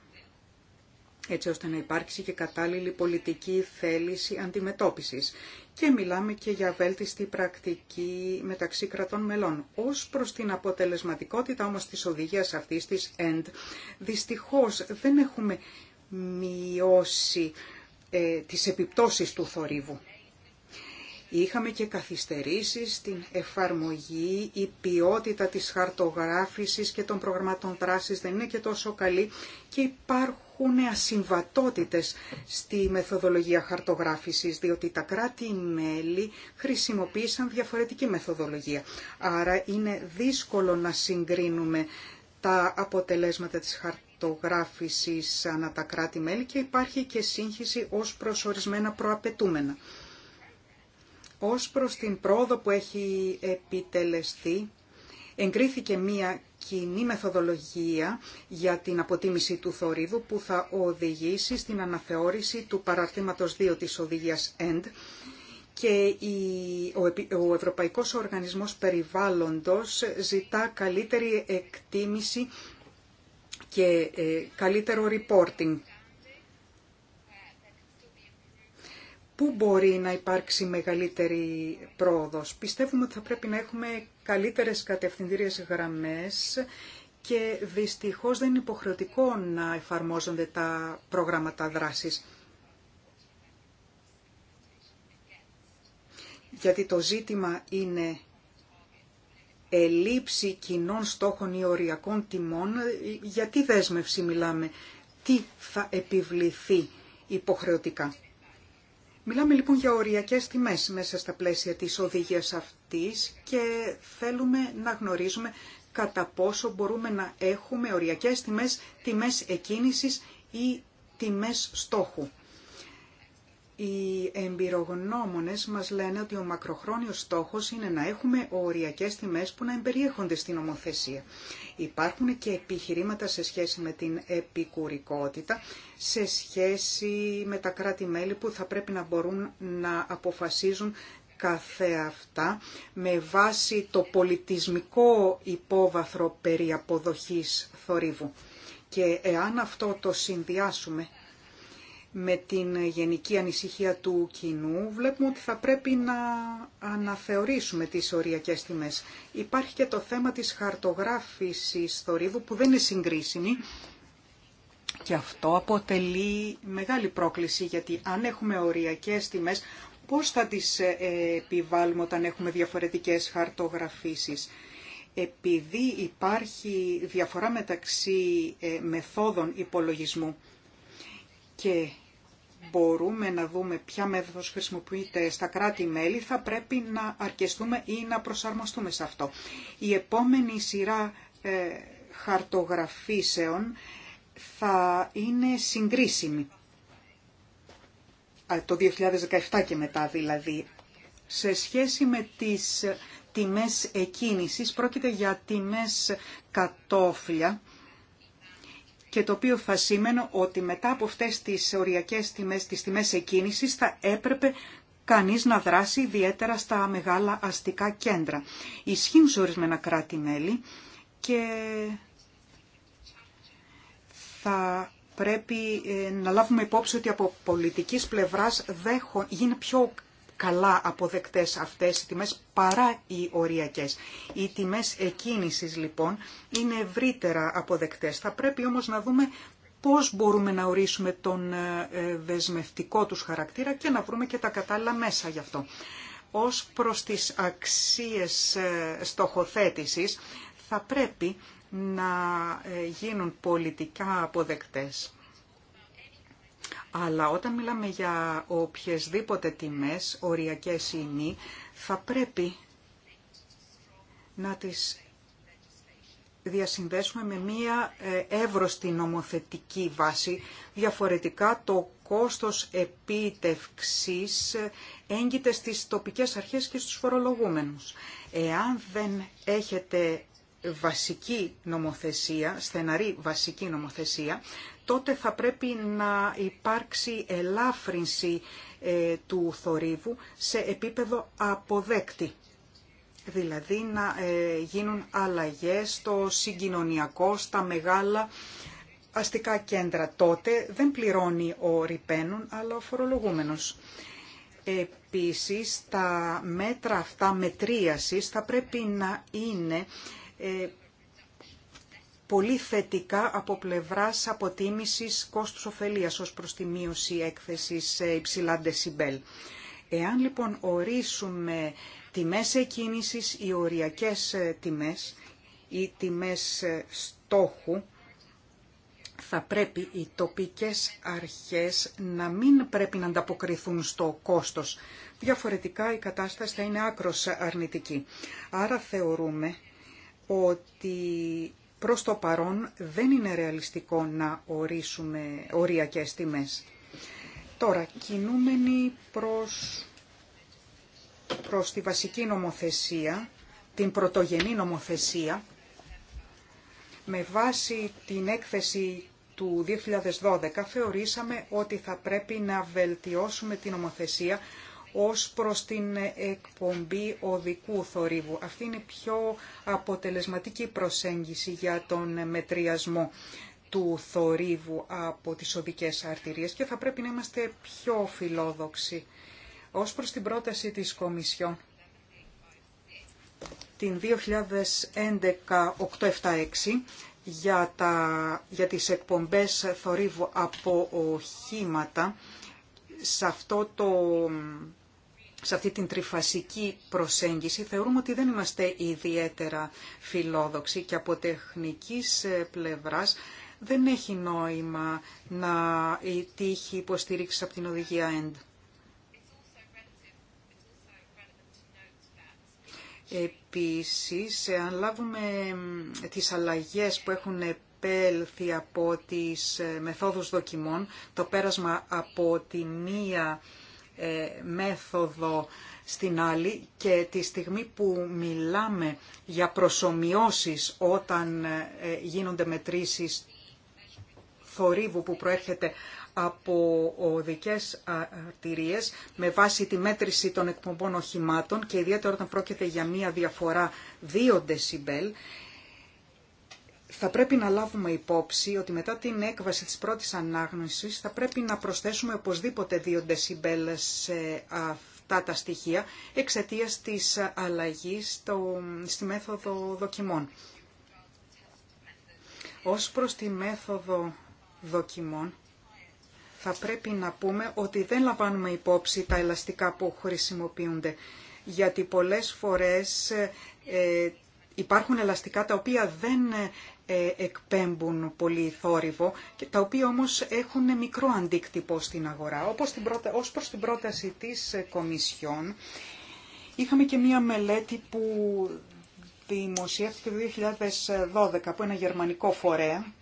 έτσι ώστε να υπάρξει και κατάλληλη πολιτική θέληση αντιμετώπισης. Και μιλάμε και για βέλτιστη πρακτική μεταξύ κρατών μελών. Ως προς την αποτελεσματικότητα όμως της οδηγίας αυτής της END, δυστυχώς δεν έχουμε μειώσει ε, τις επιπτώσεις του θορύβου. Είχαμε και καθυστερήσεις στην εφαρμογή, η ποιότητα της χαρτογράφησης και των προγραμμάτων δράσης δεν είναι και τόσο καλή και υπάρχουν ασυμβατότητες στη μεθοδολογία χαρτογράφησης, διότι τα κράτη-μέλη χρησιμοποίησαν διαφορετική μεθοδολογία. Άρα είναι δύσκολο να συγκρίνουμε τα αποτελέσματα της χαρτογράφησης ανά τα κράτη-μέλη και υπάρχει και σύγχυση ως προσορισμένα προαπαιτούμενα. Ως προς την πρόοδο που έχει επιτελεστεί, εγκρίθηκε μία κοινή μεθοδολογία για την αποτίμηση του θορύβου που θα οδηγήσει στην αναθεώρηση του παραρτήματος 2 της οδηγίας END και ο Ευρωπαϊκός Οργανισμός Περιβάλλοντος ζητά καλύτερη εκτίμηση και ε, καλύτερο reporting πού μπορεί να υπάρξει μεγαλύτερη πρόοδος. Πιστεύουμε ότι θα πρέπει να έχουμε καλύτερες κατευθυντήριες γραμμές και δυστυχώς δεν είναι υποχρεωτικό να εφαρμόζονται τα προγράμματα δράσης. Γιατί το ζήτημα είναι ελήψη κοινών στόχων ή οριακών τιμών. Για τι δέσμευση μιλάμε, τι θα επιβληθεί υποχρεωτικά. Μιλάμε λοιπόν για οριακές τιμές μέσα στα πλαίσια της οδηγίας αυτής και θέλουμε να γνωρίζουμε κατά πόσο μπορούμε να έχουμε οριακές τιμές, τιμές εκκίνησης ή τιμές στόχου. Οι εμπειρογνώμονες μας λένε ότι ο μακροχρόνιος στόχος είναι να έχουμε οριακές τιμές που να εμπεριέχονται στην ομοθεσία. Υπάρχουν και επιχειρήματα σε σχέση με την επικουρικότητα, σε σχέση με τα κράτη-μέλη που θα πρέπει να μπορούν να αποφασίζουν καθεαυτά με βάση το πολιτισμικό υπόβαθρο περί αποδοχής θορύβου. Και εάν αυτό το συνδυάσουμε με την γενική ανησυχία του κοινού, βλέπουμε ότι θα πρέπει να αναθεωρήσουμε τις οριακές τιμές. Υπάρχει και το θέμα της χαρτογράφησης θορύβου που δεν είναι συγκρίσιμη και αυτό αποτελεί μεγάλη πρόκληση γιατί αν έχουμε οριακές τιμές πώς θα τις ε, επιβάλλουμε όταν έχουμε διαφορετικές χαρτογραφήσεις. Επειδή υπάρχει διαφορά μεταξύ ε, μεθόδων υπολογισμού και μπορούμε να δούμε ποια μέθοδος χρησιμοποιείται στα κράτη-μέλη, θα πρέπει να αρκεστούμε ή να προσαρμοστούμε σε αυτό. Η επόμενη σειρά ε, χαρτογραφήσεων θα είναι συγκρίσιμη. Το 2017 και μετά δηλαδή. Σε σχέση με τις τιμές εκκίνησης, πρόκειται για τιμές κατόφλια και το οποίο θα σήμαινε ότι μετά από αυτές τις οριακές τιμές, τις τιμές εκκίνησης θα έπρεπε κανείς να δράσει ιδιαίτερα στα μεγάλα αστικά κέντρα. Ισχύουν σε ορισμένα κράτη-μέλη και θα πρέπει ε, να λάβουμε υπόψη ότι από πολιτικής πλευράς δέχον, γίνει πιο καλά αποδεκτές αυτές οι τιμές παρά οι οριακές. Οι τιμές εκκίνησης λοιπόν είναι ευρύτερα αποδεκτές. Θα πρέπει όμως να δούμε πώς μπορούμε να ορίσουμε τον ε, ε, δεσμευτικό τους χαρακτήρα και να βρούμε και τα κατάλληλα μέσα γι' αυτό. Ως προς τις αξίες ε, στοχοθέτησης θα πρέπει να γίνουν πολιτικά αποδεκτές αλλά όταν μιλάμε για οποιασδήποτε τιμές, οριακές ή μη, θα πρέπει να τις διασυνδέσουμε με μία ε, εύρωστη νομοθετική βάση. Διαφορετικά το κόστος επίτευξης ε, έγκυται στις τοπικές αρχές και στους φορολογούμενους. Εάν δεν έχετε βασική νομοθεσία, στεναρή βασική νομοθεσία, τότε θα πρέπει να υπάρξει ελάφρυνση ε, του θορύβου σε επίπεδο αποδέκτη. Δηλαδή να ε, γίνουν αλλαγές στο συγκοινωνιακό, στα μεγάλα αστικά κέντρα. Τότε δεν πληρώνει ο ρηπαίνων, αλλά ο φορολογούμενος. Επίσης, τα μέτρα αυτά μετρίασης θα πρέπει να είναι ε, πολύ θετικά από πλευράς αποτίμησης κόστους ωφελίας ως προς τη μείωση έκθεσης ε, υψηλά δεσιμπέλ. Εάν λοιπόν ορίσουμε τιμές εκκίνησης ή οριακές ε, τιμές ή τιμές στόχου, θα πρέπει οι τοπικές αρχές να μην πρέπει να ανταποκριθούν στο κόστος. Διαφορετικά η κατάσταση θα είναι άκρος αρνητική. Άρα θεωρούμε ότι προς το παρόν δεν είναι ρεαλιστικό να ορίσουμε οριακές τιμές. Τώρα, κινούμενοι προς, προς τη βασική νομοθεσία, την πρωτογενή νομοθεσία, με βάση την έκθεση του 2012 θεωρήσαμε ότι θα πρέπει να βελτιώσουμε την νομοθεσία ως προς την εκπομπή οδικού θορύβου. Αυτή είναι πιο αποτελεσματική προσέγγιση για τον μετριασμό του θορύβου από τις οδικές αρτηρίες και θα πρέπει να είμαστε πιο φιλόδοξοι. Ως προς την πρόταση της Κομισιόν, την 2011-876 για, τα, για τις εκπομπές θορύβου από οχήματα, σε αυτό το σε αυτή την τριφασική προσέγγιση θεωρούμε ότι δεν είμαστε ιδιαίτερα φιλόδοξοι και από τεχνικής ε, πλευράς δεν έχει νόημα να τύχει υποστήριξη από την οδηγία END. Επίσης, αν λάβουμε τις αλλαγές που έχουν επέλθει από τις ε, μεθόδους δοκιμών, το πέρασμα από τη μία ε, μέθοδο στην άλλη και τη στιγμή που μιλάμε για προσωμιώσεις όταν ε, γίνονται μετρήσεις θορύβου που προέρχεται από οδικές αρτηρίες με βάση τη μέτρηση των εκπομπών οχημάτων και ιδιαίτερα όταν πρόκειται για μία διαφορά 2 δεσιμπέλ, θα πρέπει να λάβουμε υπόψη ότι μετά την έκβαση της πρώτης ανάγνωσης θα πρέπει να προσθέσουμε οπωσδήποτε δύο δεσιμπέλ σε αυτά τα στοιχεία εξαιτίας της αλλαγής στο, στη μέθοδο δοκιμών. Ως προς τη μέθοδο δοκιμών, θα πρέπει να πούμε ότι δεν λαμβάνουμε υπόψη τα ελαστικά που χρησιμοποιούνται, γιατί πολλές φορές ε, υπάρχουν ελαστικά τα οποία δεν ε, εκπέμπουν πολύ θόρυβο, και τα οποία όμως έχουν μικρό αντίκτυπο στην αγορά. Όπως την Ως προς την πρόταση της ε, Κομισιόν, είχαμε και μία μελέτη που δημοσιεύτηκε το 2012 από ένα γερμανικό φορέα,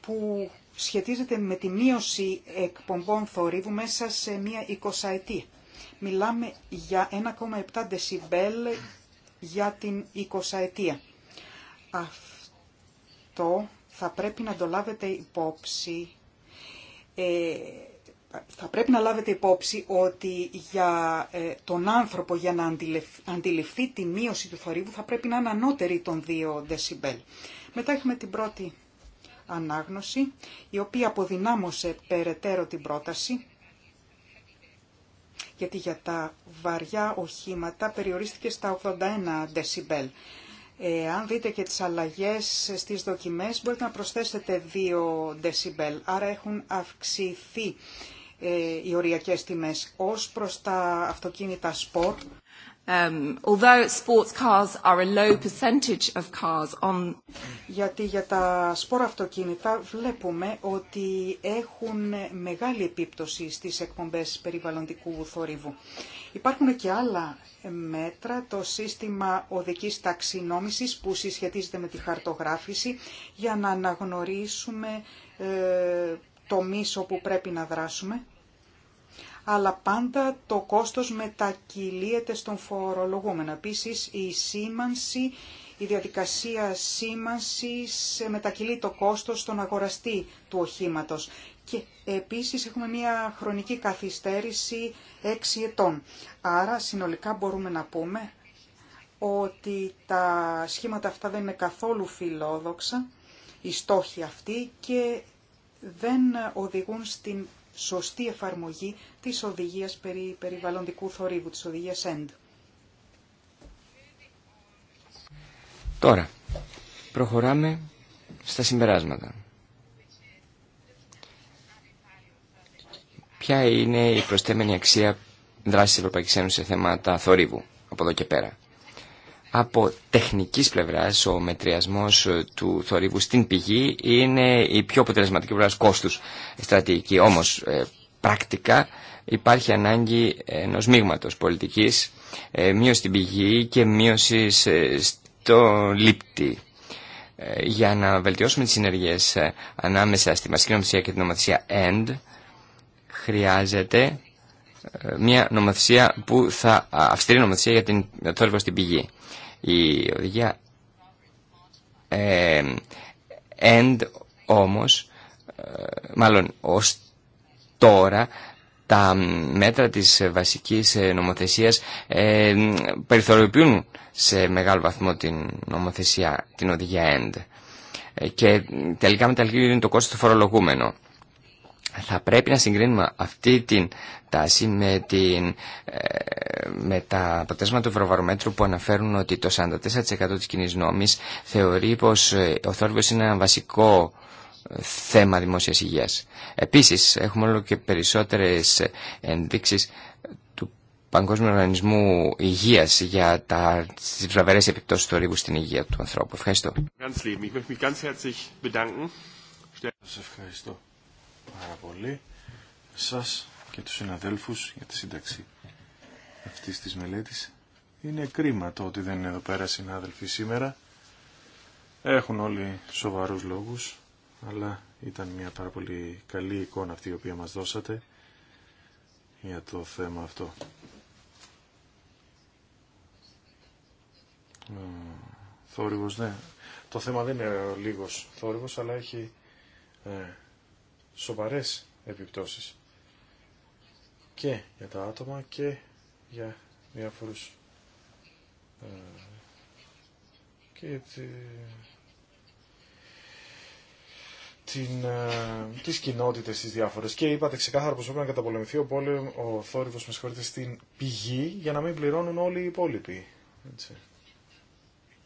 που σχετίζεται με τη μείωση εκπομπών θορύβου μέσα σε μία εικοσαετία. Μιλάμε για 1,7 δεσιμπέλ για την 20 ετία. Αυτό θα πρέπει να το λάβετε υπόψη. Ε, θα πρέπει να λάβετε υπόψη ότι για ε, τον άνθρωπο για να αντιληφθεί, αντιληφθεί τη μείωση του θορύβου θα πρέπει να είναι ανώτερη των 2 δεσιμπέλ. Μετά έχουμε την πρώτη ανάγνωση, η οποία αποδυνάμωσε περαιτέρω την πρόταση γιατί για τα βαριά οχήματα περιορίστηκε στα 81 δεσιμπέλ. Ε, αν δείτε και τις αλλαγές στις δοκιμές μπορείτε να προσθέσετε 2 δεσιμπέλ, άρα έχουν αυξηθεί ε, οι οριακές τιμές ως προς τα αυτοκίνητα σπορ γιατί για τα σπόρα αυτοκίνητα βλέπουμε ότι έχουν μεγάλη επίπτωση στις εκπομπές περιβαλλοντικού θορύβου. Υπάρχουν και άλλα μέτρα, το σύστημα οδικής ταξινόμησης που συσχετίζεται με τη χαρτογράφηση για να αναγνωρίσουμε ε, το μίσο που πρέπει να δράσουμε αλλά πάντα το κόστος μετακυλίεται στον φορολογούμενο. Επίσης, η σήμανση, η διαδικασία σήμανση ε, μετακυλεί το κόστος στον αγοραστή του οχήματος. Και επίσης έχουμε μια χρονική καθυστέρηση 6 ετών. Άρα συνολικά μπορούμε να πούμε ότι τα σχήματα αυτά δεν είναι καθόλου φιλόδοξα, οι στόχοι αυτοί και δεν οδηγούν στην σωστή εφαρμογή της οδηγίας περί περιβαλλοντικού θορύβου, της οδηγίας END. Τώρα, προχωράμε στα συμπεράσματα. Ποια είναι η προστέμενη αξία δράσης της Ευρωπαϊκής Ένωσης σε θέματα θορύβου από εδώ και πέρα. Από τεχνικής πλευράς ο μετριασμός ε, του θορύβου στην πηγή είναι η πιο αποτελεσματική πλευράς κόστους στρατηγική. Όμως ε, πρακτικά υπάρχει ανάγκη ενός μείγματος πολιτικής, ε, μείωση στην πηγή και μείωση στο λήπτη. Για να βελτιώσουμε τις συνεργές ανάμεσα στη μασική νομοθεσία και την νομοθεσία END χρειάζεται μια νομοθεσία που θα, αυστηρή νομοθεσία για την θόρυβο στην πηγή. Η οδηγία ε, end όμως, ε, μάλλον ως τώρα, τα μέτρα της βασικής νομοθεσίας ε, περιθωριοποιούν σε μεγάλο βαθμό την νομοθεσία, την οδηγία end. Ε, και τελικά είναι το κόστος του φορολογούμενο θα πρέπει να συγκρίνουμε αυτή την τάση με, την, ε, με τα αποτέλεσμα του Ευρωβαρομέτρου που αναφέρουν ότι το 44% της κοινή νόμης θεωρεί πως ε, ο θόρυβος είναι ένα βασικό ε, θέμα δημόσιας υγείας. Επίσης έχουμε όλο και περισσότερες ενδείξεις του Παγκόσμιου Οργανισμού Υγείας για τα, τις βραβερές επιπτώσεις του θορύβου στην υγεία του ανθρώπου. Ευχαριστώ. ευχαριστώ πάρα πολύ σας και τους συναδέλφους για τη σύνταξη αυτής της μελέτης. Είναι κρίμα το ότι δεν είναι εδώ πέρα συνάδελφοι σήμερα. Έχουν όλοι σοβαρούς λόγους, αλλά ήταν μια πάρα πολύ καλή εικόνα αυτή η οποία μας δώσατε για το θέμα αυτό. Ε, θόρυβος, ναι. Το θέμα δεν είναι ο λίγος θόρυβος, αλλά έχει ε, σοβαρές επιπτώσεις και για τα άτομα και για διάφορους ε, και τη, την, ε, τις κοινότητες τις διάφορες και είπατε ξεκάθαρα πως πρέπει να καταπολεμηθεί ο, πόλεμ, ο θόρυβος με συγχωρείτε στην πηγή για να μην πληρώνουν όλοι οι υπόλοιποι έτσι,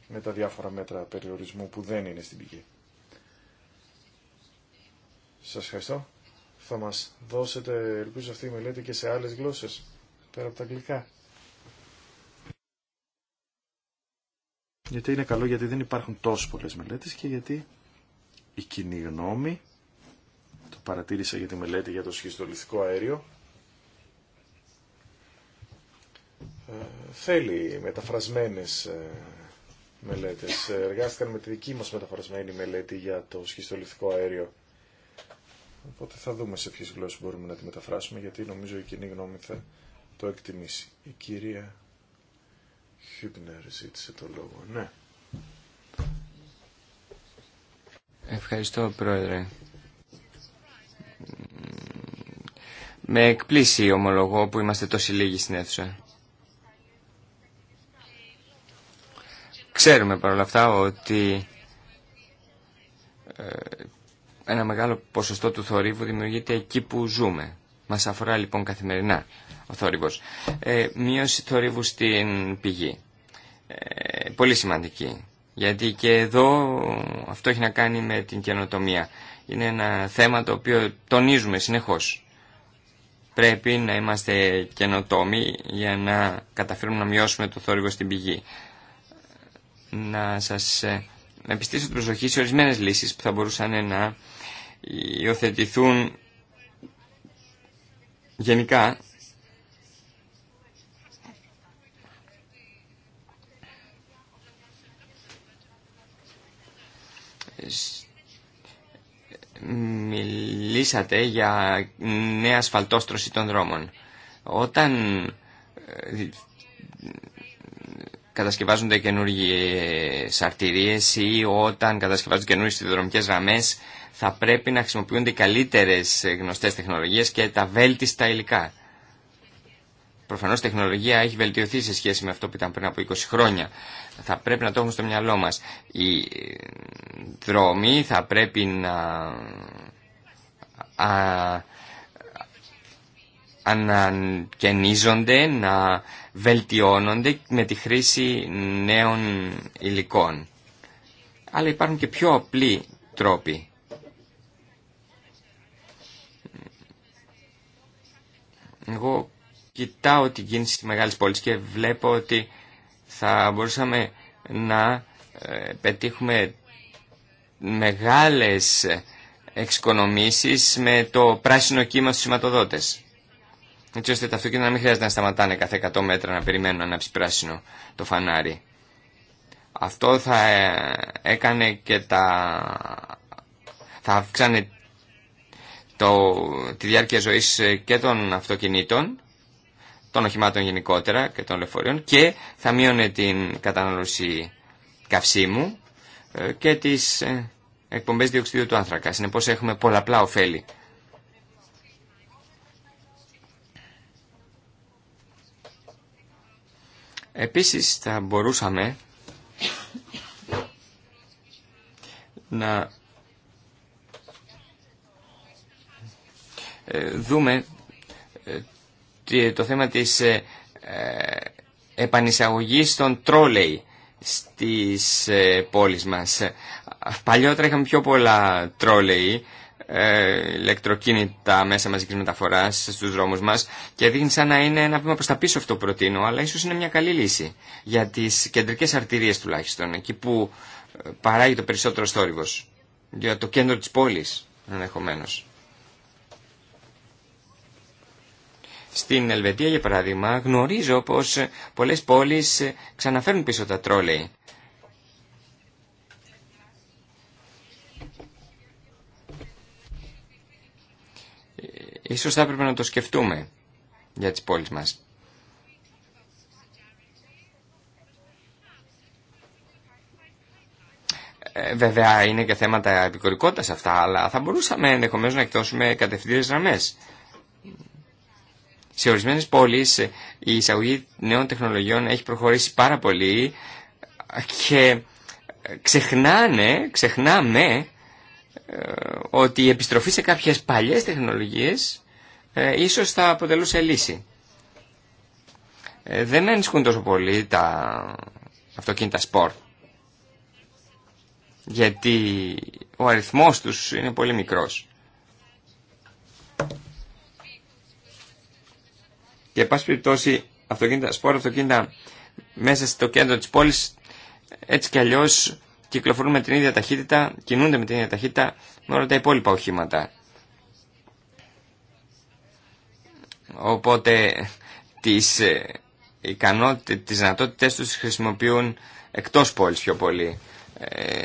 με τα διάφορα μέτρα περιορισμού που δεν είναι στην πηγή. Σας ευχαριστώ. Θα μας δώσετε, ελπίζω αυτή η μελέτη και σε άλλες γλώσσες, πέρα από τα αγγλικά. Γιατί είναι καλό, γιατί δεν υπάρχουν τόσο πολλές μελέτες και γιατί η κοινή γνώμη, το παρατήρησα για τη μελέτη για το σχιστολιθικό αέριο, ε, θέλει μεταφρασμένες ε, μελέτες. Εργάστηκαν με τη δική μας μεταφρασμένη μελέτη για το σχιστολιθικό αέριο. Οπότε θα δούμε σε ποιε γλώσσε μπορούμε να τη μεταφράσουμε, γιατί νομίζω η κοινή γνώμη θα το εκτιμήσει. Η κυρία Χιούμπνερ ζήτησε το λόγο. Ναι. Ευχαριστώ, Πρόεδρε. Με εκπλήσει ομολογώ που είμαστε τόσοι λίγοι στην αίθουσα. Ξέρουμε παρόλα αυτά ότι ένα μεγάλο ποσοστό του θορύβου δημιουργείται εκεί που ζούμε. Μας αφορά λοιπόν καθημερινά ο θόρυβο. Ε, μείωση θορύβου στην πηγή. Ε, πολύ σημαντική. Γιατί και εδώ αυτό έχει να κάνει με την καινοτομία. Είναι ένα θέμα το οποίο τονίζουμε συνεχώς. Πρέπει να είμαστε καινοτόμοι για να καταφέρουμε να μειώσουμε το θόρυβο στην πηγή. Να σας ε, επιστήσω την προσοχή σε ορισμένες λύσεις που θα μπορούσαν να υιοθετηθούν γενικά μιλήσατε για νέα ασφαλτόστρωση των δρόμων. Όταν ε, κατασκευάζονται καινούργιες αρτηρίες ή όταν κατασκευάζονται καινούργιες δρομικές γραμμές θα πρέπει να χρησιμοποιούνται οι καλύτερες ε, γνωστές τεχνολογίες και τα βέλτιστα υλικά. Προφανώ η τεχνολογία έχει βελτιωθεί σε σχέση με αυτό που ήταν πριν από 20 χρόνια. Θα πρέπει να το έχουμε στο μυαλό μα. Οι ε, δρόμοι θα πρέπει να α... ανακαινίζονται, να βελτιώνονται με τη χρήση νέων υλικών. Αλλά υπάρχουν και πιο απλοί τρόποι Εγώ κοιτάω την κίνηση στις μεγάλη πόλη και βλέπω ότι θα μπορούσαμε να ε, πετύχουμε μεγάλες εξοικονομήσεις με το πράσινο κύμα στους σηματοδότες. Έτσι ώστε τα αυτοκίνητα να μην χρειάζεται να σταματάνε κάθε 100 μέτρα να περιμένουν να ανάψει πράσινο το φανάρι. Αυτό θα ε, έκανε και τα... θα αυξάνε το, τη διάρκεια ζωής ε, και των αυτοκινήτων, των οχημάτων γενικότερα και των λεωφορείων και θα μείωνε την κατανάλωση καυσίμου ε, και τις ε, εκπομπές διοξιδίου του άνθρακα. Συνεπώς έχουμε πολλαπλά ωφέλη. Επίσης θα μπορούσαμε να Ε, δούμε ε, το θέμα της ε, επανεισαγωγής των τρόλεϊ στις πόλεις μας. Παλιότερα είχαμε πιο πολλά τρόλεϊ, ηλεκτροκίνητα μέσα μαζικής μεταφοράς στους δρόμους μας και δείχνει σαν να είναι ένα βήμα προς τα πίσω αυτό προτείνω, αλλά ίσως είναι μια καλή λύση για τις κεντρικές αρτηρίες τουλάχιστον, εκεί που παράγει το περισσότερο θόρυβος, για το κέντρο της πόλης ενδεχομένω. Στην Ελβετία, για παράδειγμα, γνωρίζω πως πολλές πόλεις ξαναφέρουν πίσω τα τρόλεϊ. Ίσως θα έπρεπε να το σκεφτούμε για τις πόλεις μας. Ε, βέβαια είναι και θέματα επικορικότητας αυτά, αλλά θα μπορούσαμε ενδεχομένως να εκδώσουμε κατευθυντήρες γραμμές. Σε ορισμένες πόλεις ε, η εισαγωγή νέων τεχνολογιών έχει προχωρήσει πάρα πολύ και ε, ξεχνάνε, ξεχνάμε ε, ότι η επιστροφή σε κάποιες παλιές τεχνολογίες ε, ίσως θα αποτελούσε λύση. Ε, δεν ενισχύουν τόσο πολύ τα αυτοκίνητα σπορ. Γιατί ο αριθμός τους είναι πολύ μικρός. και πάση περιπτώσει αυτοκίνητα, σπόρα αυτοκίνητα μέσα στο κέντρο της πόλης έτσι κι αλλιώς κυκλοφορούν με την ίδια ταχύτητα, κινούνται με την ίδια ταχύτητα με όλα τα υπόλοιπα οχήματα. Οπότε τις ε, ικανότητες, τις δυνατότητες τους χρησιμοποιούν εκτός πόλης πιο πολύ. Ε,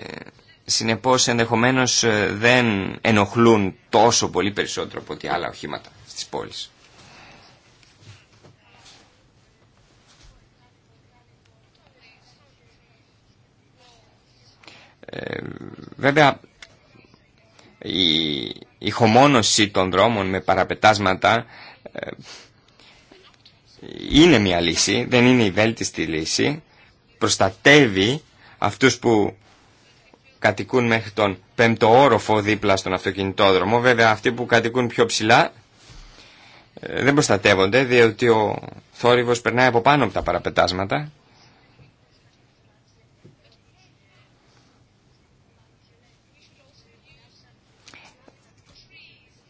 συνεπώς ενδεχομένως ε, δεν ενοχλούν τόσο πολύ περισσότερο από ό,τι άλλα οχήματα στις πόλεις. βέβαια, η, η χωμόνωση των δρόμων με παραπετάσματα ε, είναι μια λύση, δεν είναι η βέλτιστη λύση. Προστατεύει αυτούς που κατοικούν μέχρι τον πέμπτο όροφο δίπλα στον αυτοκινητόδρομο. Βέβαια αυτοί που κατοικούν πιο ψηλά ε, δεν προστατεύονται διότι ο θόρυβος περνάει από πάνω από τα παραπετάσματα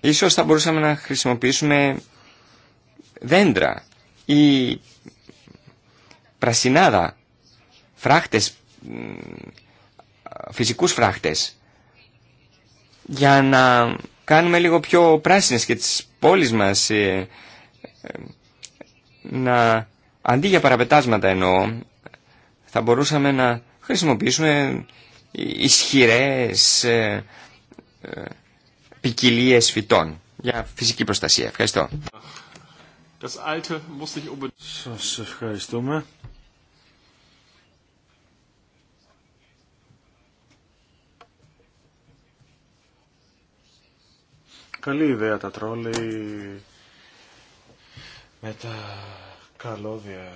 Ίσως θα μπορούσαμε να χρησιμοποιήσουμε δέντρα ή πρασινάδα, φράχτες, φυσικούς φράχτες, για να κάνουμε λίγο πιο πράσινες και τις πόλεις μας, ε, ε, να, αντί για παραπετάσματα εννοώ, θα μπορούσαμε να χρησιμοποιήσουμε ισχυρές ε, ποικιλίε φυτών για φυσική προστασία. Ευχαριστώ. Σα ευχαριστούμε. Καλή ιδέα τα τρόλεϊ με τα καλώδια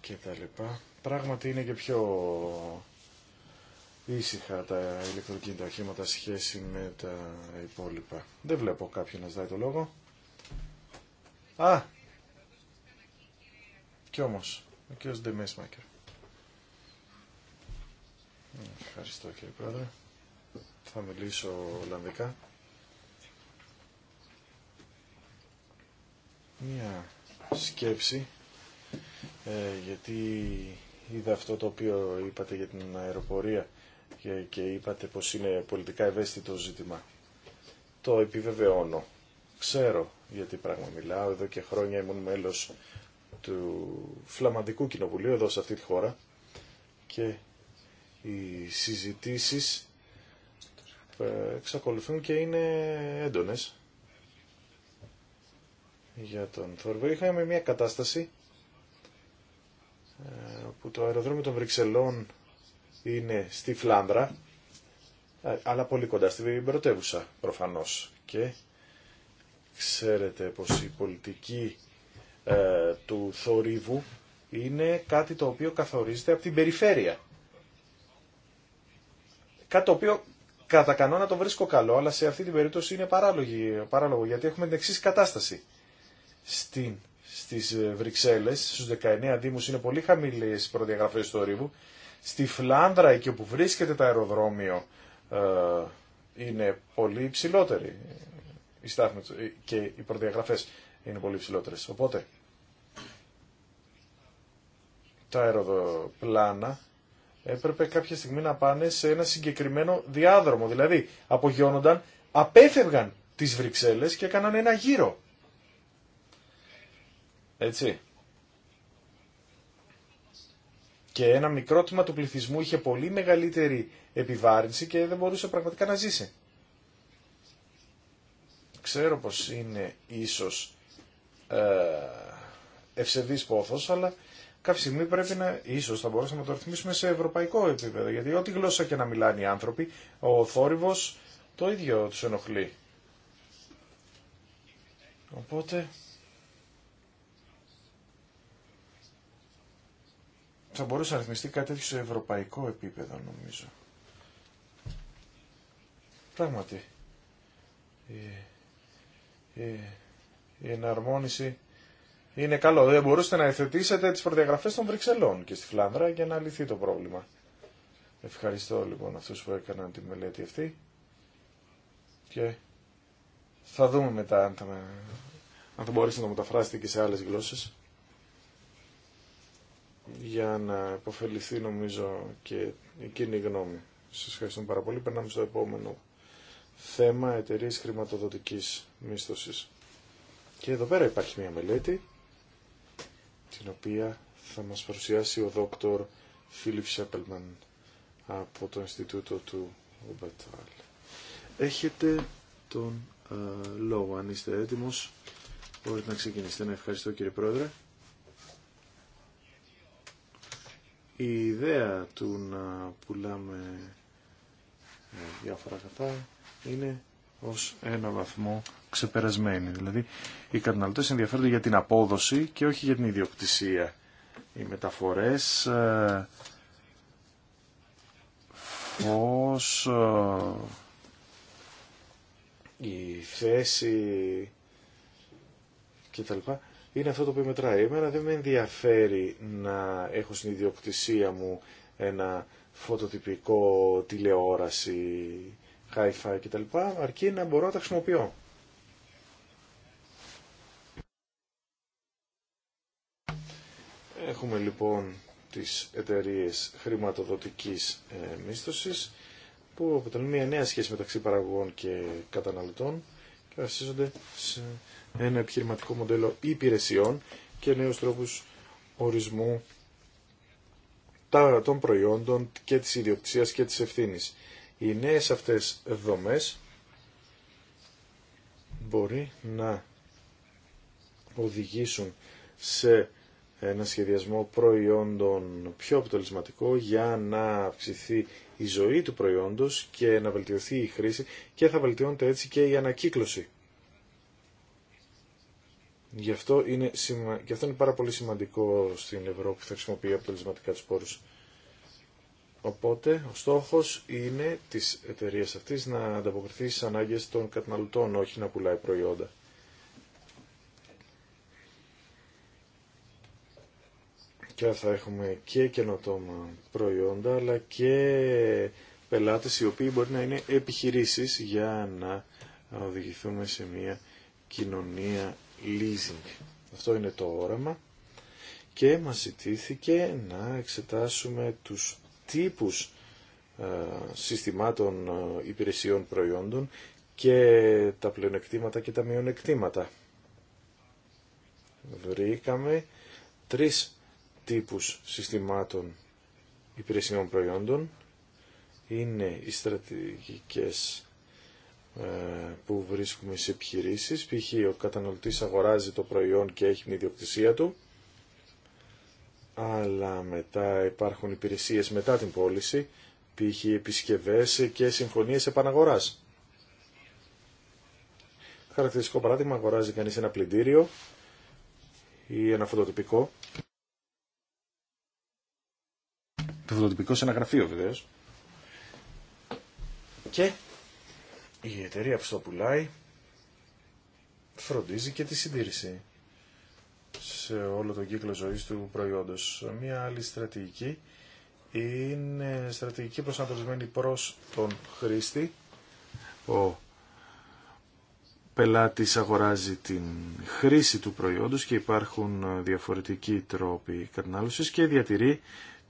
και τα λοιπά. Πράγματι είναι και πιο ήσυχα τα ηλεκτροκίνητα οχήματα σχέση με τα υπόλοιπα. Δεν βλέπω κάποιον να ζητάει το λόγο. Α! Κι όμως, ο κ. Ντεμέσμακερ. Ευχαριστώ κύριε Πρόεδρε. Θα μιλήσω Ολλανδικά. Μία σκέψη, ε, γιατί είδα αυτό το οποίο είπατε για την αεροπορία και είπατε πως είναι πολιτικά ευαίσθητο ζήτημα. Το επιβεβαιώνω. Ξέρω γιατί πράγμα μιλάω. Εδώ και χρόνια ήμουν μέλος του Φλαμανδικού Κοινοβουλίου εδώ σε αυτή τη χώρα και οι συζητήσεις ε, εξακολουθούν και είναι έντονες για τον Θόρβο. Είχαμε μια κατάσταση ε, που το αεροδρόμιο των Βρυξελών είναι στη Φλάνδρα, ε, αλλά πολύ κοντά στην πρωτεύουσα προφανώς. Και ξέρετε πως η πολιτική ε, του θορύβου είναι κάτι το οποίο καθορίζεται από την περιφέρεια. Κάτι το οποίο κατά κανόνα το βρίσκω καλό, αλλά σε αυτή την περίπτωση είναι παράλογη, παράλογο, γιατί έχουμε την εξή κατάσταση. Στην, στις ε, Βρυξέλλες, στους 19 δήμους είναι πολύ χαμηλές προδιαγραφές του θορύβου Στη Φλάνδρα, εκεί όπου βρίσκεται το αεροδρόμιο, ε, είναι πολύ υψηλότερη η ε, και οι προδιαγραφές είναι πολύ υψηλότερε. Οπότε, τα αεροπλάνα έπρεπε κάποια στιγμή να πάνε σε ένα συγκεκριμένο διάδρομο. Δηλαδή, απογειώνονταν, απέφευγαν τις Βρυξέλλες και έκαναν ένα γύρο. Έτσι. Και ένα μικρό τμήμα του πληθυσμού είχε πολύ μεγαλύτερη επιβάρυνση και δεν μπορούσε πραγματικά να ζήσει. Ξέρω πως είναι ίσως ε, ευσεβής πόθος, αλλά κάποια στιγμή πρέπει να, ίσως θα μπορούσαμε να το ρυθμίσουμε σε ευρωπαϊκό επίπεδο, γιατί ό,τι γλώσσα και να μιλάνε οι άνθρωποι, ο θόρυβος το ίδιο τους ενοχλεί. Οπότε θα μπορούσε να ρυθμιστεί κάτι τέτοιο σε ευρωπαϊκό επίπεδο νομίζω. Πράγματι. Η, η, εναρμόνιση είναι καλό. Δεν μπορούσατε να εθετήσετε τις προδιαγραφές των Βρυξελών και στη Φλάνδρα για να λυθεί το πρόβλημα. Ευχαριστώ λοιπόν αυτούς που έκαναν τη μελέτη αυτή και θα δούμε μετά αν θα, αν να το μεταφράσετε και σε άλλες γλώσσες για να υποφεληθεί νομίζω και εκείνη η γνώμη. Σας ευχαριστούμε πάρα πολύ. Περνάμε στο επόμενο θέμα εταιρείε χρηματοδοτικής μίσθωσης. Και εδώ πέρα υπάρχει μια μελέτη την οποία θα μας παρουσιάσει ο δόκτωρ Φίλιπ Σέπελμαν από το Ινστιτούτο του Μπατάλ. Έχετε τον ε, λόγο αν είστε έτοιμος. Μπορείτε να ξεκινήσετε. Να ευχαριστώ κύριε Πρόεδρε. η ιδέα του να πουλάμε ε, διάφορα κατά είναι ως ένα βαθμό ξεπερασμένη. Δηλαδή, οι καταναλωτές ενδιαφέρονται για την απόδοση και όχι για την ιδιοκτησία. Οι μεταφορές, ε, φως, ε, η θέση κτλ είναι αυτό το οποίο μετράει. Εμένα δεν με ενδιαφέρει να έχω στην ιδιοκτησία μου ένα φωτοτυπικό τηλεόραση, hi-fi κτλ. Αρκεί να μπορώ να τα χρησιμοποιώ. Έχουμε λοιπόν τις εταιρείες χρηματοδοτικής ε, μίσθωσης που αποτελούν μια νέα σχέση μεταξύ παραγωγών και καταναλωτών και βασίζονται σε ένα επιχειρηματικό μοντέλο υπηρεσιών και νέους τρόπους ορισμού των προϊόντων και της ιδιοκτησίας και της ευθύνης. Οι νέες αυτές δομές μπορεί να οδηγήσουν σε ένα σχεδιασμό προϊόντων πιο αποτελεσματικό για να αυξηθεί η ζωή του προϊόντος και να βελτιωθεί η χρήση και θα βελτιώνεται έτσι και η ανακύκλωση. Γι' αυτό είναι, σημα... αυτό είναι πάρα πολύ σημαντικό στην Ευρώπη που θα χρησιμοποιεί αποτελεσματικά τους πόρους. Οπότε ο στόχος είναι της εταιρείας αυτής να ανταποκριθεί στις ανάγκες των καταναλωτών, όχι να πουλάει προϊόντα. και θα έχουμε και καινοτόμα προϊόντα αλλά και πελάτες οι οποίοι μπορεί να είναι επιχειρήσεις για να οδηγηθούμε σε μια κοινωνία leasing. Αυτό είναι το όραμα και μας ζητήθηκε να εξετάσουμε τους τύπους ε, συστημάτων ε, υπηρεσιών προϊόντων και τα πλεονεκτήματα και τα μειονεκτήματα. Βρήκαμε τρεις τύπους συστημάτων υπηρεσιών προϊόντων είναι οι στρατηγικές ε, που βρίσκουμε σε επιχειρήσει. Π.χ. ο καταναλωτής αγοράζει το προϊόν και έχει την ιδιοκτησία του, αλλά μετά υπάρχουν υπηρεσίες μετά την πώληση, π.χ. επισκευές και συμφωνίες επαναγοράς. Χαρακτηριστικό παράδειγμα, αγοράζει κανείς ένα πλυντήριο ή ένα φωτοτυπικό το σε ένα γραφείο Και η εταιρεία που στο πουλάει φροντίζει και τη συντήρηση σε όλο τον κύκλο ζωής του προϊόντος. Μία άλλη στρατηγική είναι στρατηγική προσανατολισμένη προς τον χρήστη. Ο πελάτης αγοράζει την χρήση του προϊόντος και υπάρχουν διαφορετικοί τρόποι κατανάλωσης και διατηρεί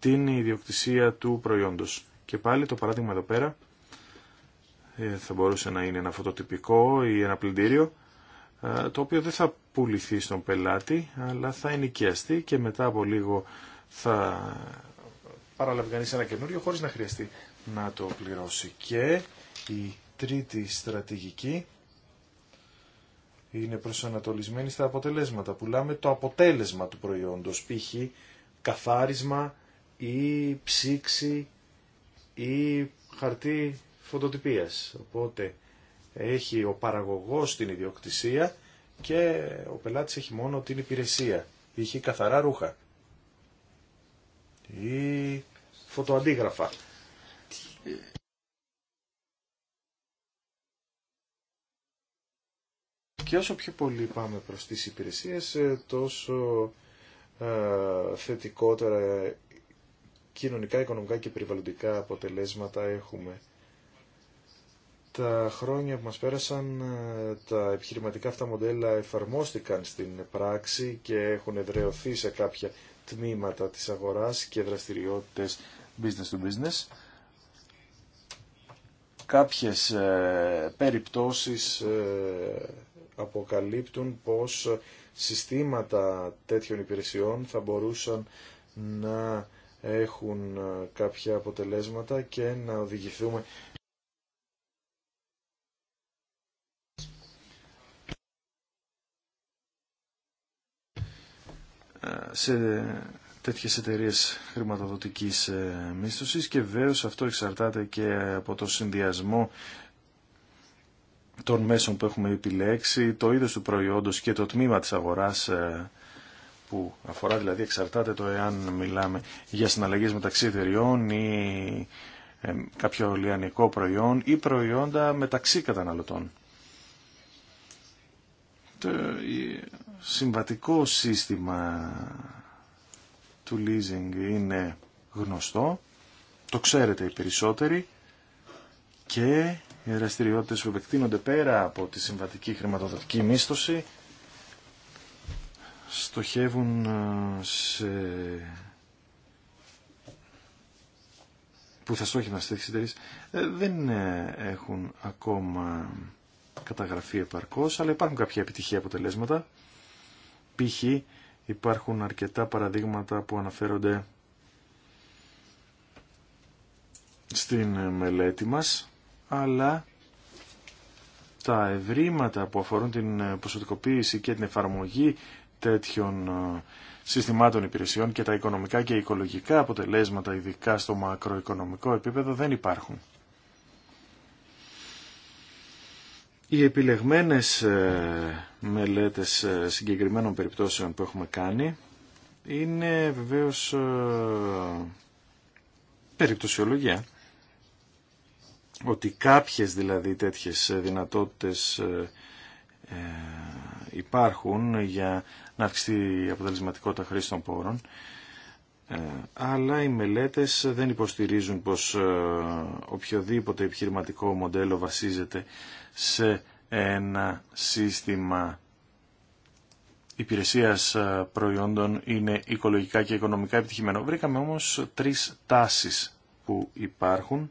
την ιδιοκτησία του προϊόντος. Και πάλι το παράδειγμα εδώ πέρα ε, θα μπορούσε να είναι ένα φωτοτυπικό ή ένα πλυντήριο ε, το οποίο δεν θα πουληθεί στον πελάτη αλλά θα ενοικιαστεί και μετά από λίγο θα παραλάβει ένα καινούριο χωρίς να χρειαστεί να το πληρώσει. Και η τρίτη στρατηγική είναι προσανατολισμένη στα αποτελέσματα. Πουλάμε το αποτέλεσμα του προϊόντος, π.χ. καθάρισμα ή ψήξη ή χαρτί φωτοτυπίας. Οπότε έχει ο παραγωγός την ιδιοκτησία και ο πελάτης έχει μόνο την υπηρεσία. Είχε καθαρά ρούχα ή φωτοαντίγραφα. Και όσο πιο πολύ πάμε προς τις υπηρεσίες, ε, τόσο ε, θετικότερα κοινωνικά, οικονομικά και περιβαλλοντικά αποτελέσματα έχουμε. Τα χρόνια που μας πέρασαν, ε, τα επιχειρηματικά αυτά μοντέλα εφαρμόστηκαν στην πράξη και έχουν εδρεωθεί σε κάποια τμήματα της αγοράς και δραστηριότητες business to business. Κάποιες ε, περιπτώσεις ε, αποκαλύπτουν πως συστήματα τέτοιων υπηρεσιών θα μπορούσαν να έχουν ε, κάποια αποτελέσματα και να οδηγηθούμε ε, σε τέτοιες εταιρείες χρηματοδοτικής ε, μίσθωσης και βέβαια αυτό εξαρτάται και από το συνδυασμό των μέσων που έχουμε επιλέξει, το είδος του προϊόντος και το τμήμα της αγοράς που αφορά δηλαδή εξαρτάται το εάν μιλάμε για συναλλαγές μεταξύ εταιριών ή ε, κάποιο λιανικό προϊόν ή προϊόντα μεταξύ καταναλωτών. Το συμβατικό σύστημα του leasing είναι γνωστό, το ξέρετε οι περισσότεροι και οι δραστηριότητε που επεκτείνονται πέρα από τη συμβατική χρηματοδοτική μίσθωση στοχεύουν ε, σε... που θα στόχευαν στις εταιρείες ε, δεν ε, έχουν ακόμα καταγραφεί επαρκώς, αλλά υπάρχουν κάποια επιτυχία αποτελέσματα. Π.χ. υπάρχουν αρκετά παραδείγματα που αναφέρονται στην μελέτη μας, αλλά τα ευρήματα που αφορούν την ποσοτικοποίηση και την εφαρμογή τέτοιων ε, συστημάτων υπηρεσιών και τα οικονομικά και οικολογικά αποτελέσματα, ειδικά στο μακροοικονομικό επίπεδο, δεν υπάρχουν. Οι επιλεγμένες ε, μελέτες ε, συγκεκριμένων περιπτώσεων που έχουμε κάνει είναι βεβαίως περιπτωσιολογία. Ότι κάποιες δηλαδή τέτοιες δυνατότητες υπάρχουν για να αυξηθεί η αποτελεσματικότητα χρήση των πόρων, ε, αλλά οι μελέτες δεν υποστηρίζουν πως ε, οποιοδήποτε επιχειρηματικό μοντέλο βασίζεται σε ένα σύστημα υπηρεσίας ε, προϊόντων είναι οικολογικά και οικονομικά επιτυχημένο. Βρήκαμε όμως τρεις τάσεις που υπάρχουν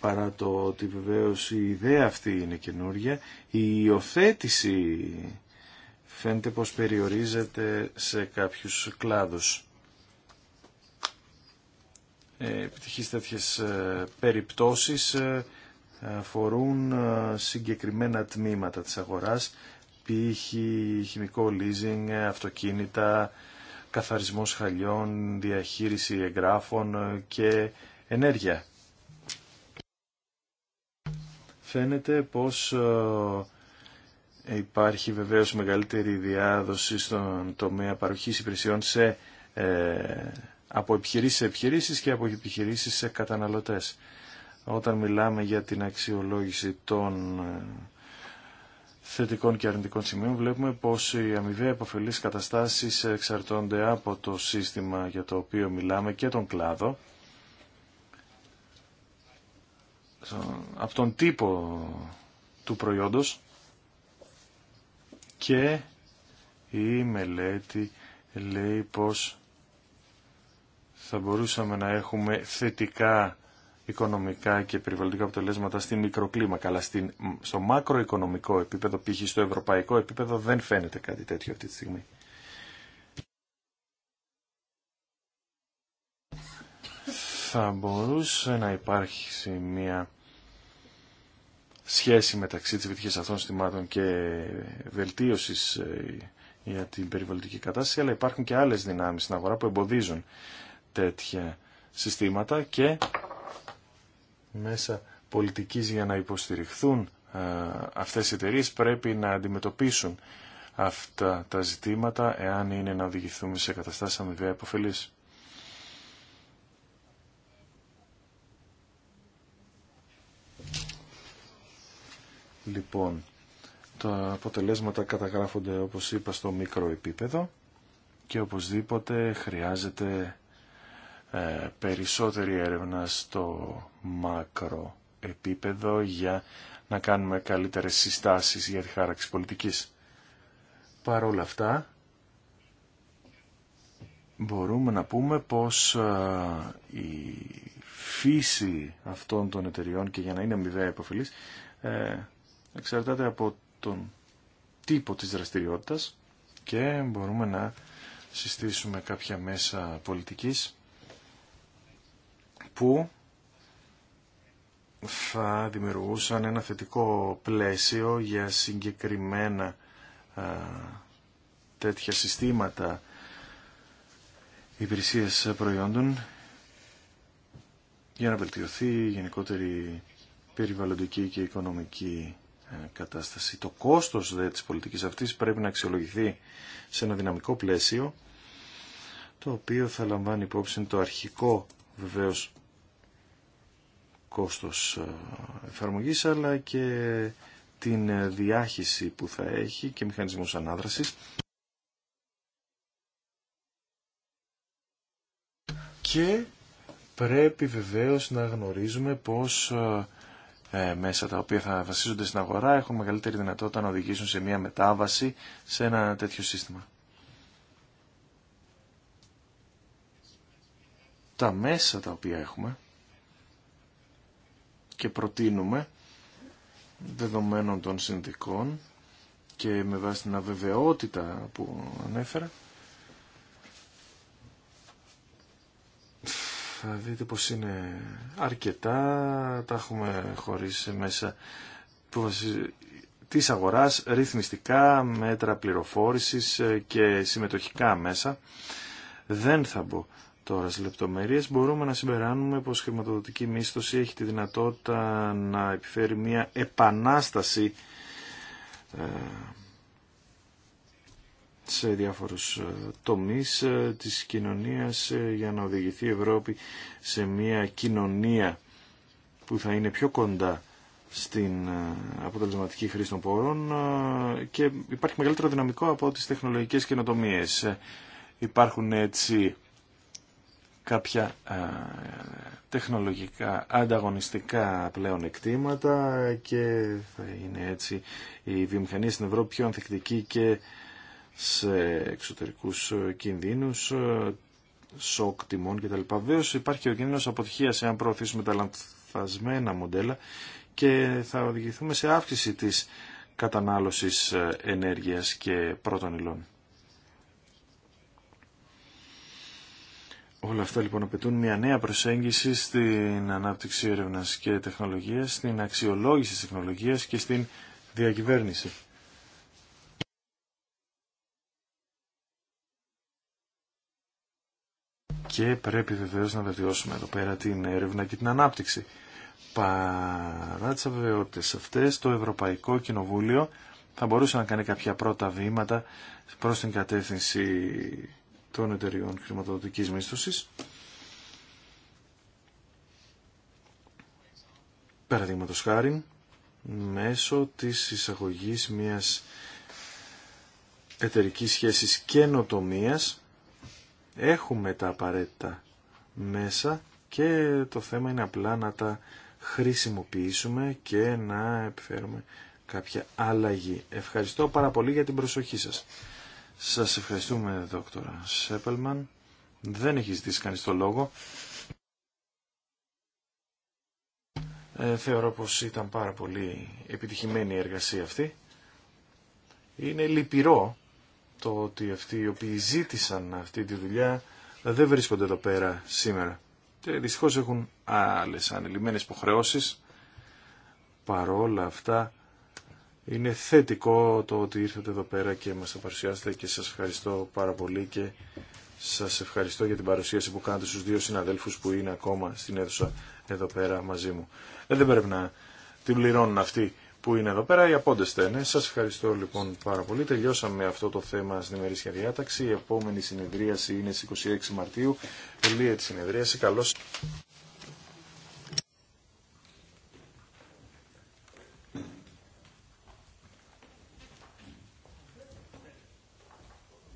παρά το ότι βεβαίως η ιδέα αυτή είναι καινούργια, η υιοθέτηση φαίνεται πως περιορίζεται σε κάποιους κλάδους. Ε, επιτυχείς τέτοιες ε, περιπτώσεις ε, αφορούν συγκεκριμένα τμήματα της αγοράς, π.χ. χημικό leasing, αυτοκίνητα, καθαρισμός χαλιών, διαχείριση εγγράφων και ενέργεια φαίνεται πως ε, υπάρχει βεβαίως μεγαλύτερη διάδοση στον τομέα παροχής υπηρεσιών σε, ε, από επιχειρήσεις σε επιχειρήσεις και από επιχειρήσεις σε καταναλωτές. Όταν μιλάμε για την αξιολόγηση των ε, θετικών και αρνητικών σημείων βλέπουμε πως οι αμοιβαία υποφελείς καταστάσεις εξαρτώνται από το σύστημα για το οποίο μιλάμε και τον κλάδο από τον τύπο του προϊόντος και η μελέτη λέει πως θα μπορούσαμε να έχουμε θετικά οικονομικά και περιβαλλοντικά αποτελέσματα στη μικροκλίμακα, αλλά στην, στο μακροοικονομικό επίπεδο, π.χ. στο ευρωπαϊκό επίπεδο, δεν φαίνεται κάτι τέτοιο αυτή τη στιγμή. θα μπορούσε να υπάρχει μια σχέση μεταξύ της επιτυχίας αυτών συστημάτων και βελτίωσης ε, για την περιβαλλοντική κατάσταση, αλλά υπάρχουν και άλλες δυνάμεις στην αγορά που εμποδίζουν τέτοια συστήματα και μέσα πολιτικής για να υποστηριχθούν ε, αυτές οι εταιρείε πρέπει να αντιμετωπίσουν αυτά τα ζητήματα εάν είναι να οδηγηθούμε σε καταστάσεις αμοιβαία υποφελής. λοιπόν τα αποτελέσματα καταγράφονται όπως είπα στο μικρό επίπεδο και οπωσδήποτε χρειάζεται ε, περισσότερη έρευνα στο μάκρο επίπεδο για να κάνουμε καλύτερες συστάσεις για τη χάραξη πολιτικής. Παρ' όλα αυτά, μπορούμε να πούμε πως ε, η φύση αυτών των εταιριών και για να είναι μηδέα υποφελής ε, εξαρτάται από τον τύπο της δραστηριότητας και μπορούμε να συστήσουμε κάποια μέσα πολιτικής που θα δημιουργούσαν ένα θετικό πλαίσιο για συγκεκριμένα τέτοια συστήματα υπηρεσίες προϊόντων για να βελτιωθεί η γενικότερη περιβαλλοντική και οικονομική ε, κατάσταση. Το κόστος δε, της πολιτικής αυτής πρέπει να αξιολογηθεί σε ένα δυναμικό πλαίσιο το οποίο θα λαμβάνει υπόψη το αρχικό βεβαίως κόστος ε, εφαρμογής αλλά και την ε, διάχυση που θα έχει και μηχανισμούς ανάδρασης. Και πρέπει βεβαίως να γνωρίζουμε πως ε, μέσα τα οποία θα βασίζονται στην αγορά έχουν μεγαλύτερη δυνατότητα να οδηγήσουν σε μια μετάβαση σε ένα τέτοιο σύστημα. Τα μέσα τα οποία έχουμε και προτείνουμε δεδομένων των συνδικών και με βάση την αβεβαιότητα που ανέφερα θα δείτε πως είναι αρκετά, τα έχουμε χωρίς μέσα της αγοράς, ρυθμιστικά, μέτρα πληροφόρησης και συμμετοχικά μέσα. Δεν θα μπω τώρα σε λεπτομέρειες. Μπορούμε να συμπεράνουμε πως η χρηματοδοτική μίσθωση έχει τη δυνατότητα να επιφέρει μια επανάσταση ε, σε διάφορους ε, τομείς ε, της κοινωνίας ε, για να οδηγηθεί η Ευρώπη σε μια κοινωνία που θα είναι πιο κοντά στην αποτελεσματική χρήση των πόρων και υπάρχει μεγαλύτερο δυναμικό από τις τεχνολογικές καινοτομίες. Υπάρχουν έτσι κάποια τεχνολογικά ανταγωνιστικά πλέον εκτήματα και θα είναι έτσι η βιομηχανία στην Ευρώπη πιο ανθεκτική και σε εξωτερικούς ε, κινδύνους, ε, σοκ τιμών κτλ. Βέβαια, υπάρχει ο κίνδυνος αποτυχίας εάν προωθήσουμε τα λανθασμένα μοντέλα και θα οδηγηθούμε σε αύξηση της κατανάλωσης ε, ενέργειας και πρώτων υλών. Όλα αυτά λοιπόν απαιτούν μια νέα προσέγγιση στην ανάπτυξη έρευνας και τεχνολογίας, στην αξιολόγηση της τεχνολογίας και στην διακυβέρνηση. Και πρέπει βεβαίω να βεβαιώσουμε εδώ πέρα την έρευνα και την ανάπτυξη. Παρά τι αβεβαιότητε αυτές, το Ευρωπαϊκό Κοινοβούλιο θα μπορούσε να κάνει κάποια πρώτα βήματα προς την κατεύθυνση των εταιριών χρηματοδοτικής μίσθωση. Παραδείγματο χάρη, μέσω της εισαγωγή μιας εταιρική σχέσης καινοτομία. Έχουμε τα απαραίτητα μέσα και το θέμα είναι απλά να τα χρησιμοποιήσουμε και να επιφέρουμε κάποια αλλαγή. Ευχαριστώ πάρα πολύ για την προσοχή σας. Σας ευχαριστούμε, δόκτωρα Σέπελμαν. Δεν έχει ζητήσει κανείς το λόγο. Ε, θεωρώ πως ήταν πάρα πολύ επιτυχημένη η εργασία αυτή. Είναι λυπηρό το ότι αυτοί οι οποίοι ζήτησαν αυτή τη δουλειά δεν βρίσκονται εδώ πέρα σήμερα. Και δυστυχώς έχουν άλλες ανελημμένε υποχρεώσει. Παρόλα αυτά είναι θετικό το ότι ήρθατε εδώ πέρα και μας τα παρουσιάσετε και σας ευχαριστώ πάρα πολύ και σας ευχαριστώ για την παρουσίαση που κάνετε στου δύο συναδέλφους που είναι ακόμα στην αίθουσα εδώ πέρα μαζί μου. Ε, δεν πρέπει να την πληρώνουν αυτοί που είναι εδώ πέρα, οι απόντε στένε. Σα ευχαριστώ λοιπόν πάρα πολύ. Τελειώσαμε αυτό το θέμα στην ημερήσια διάταξη. Η επόμενη συνεδρίαση είναι στι 26 Μαρτίου. Ελία τη συνεδρίαση. Καλώ.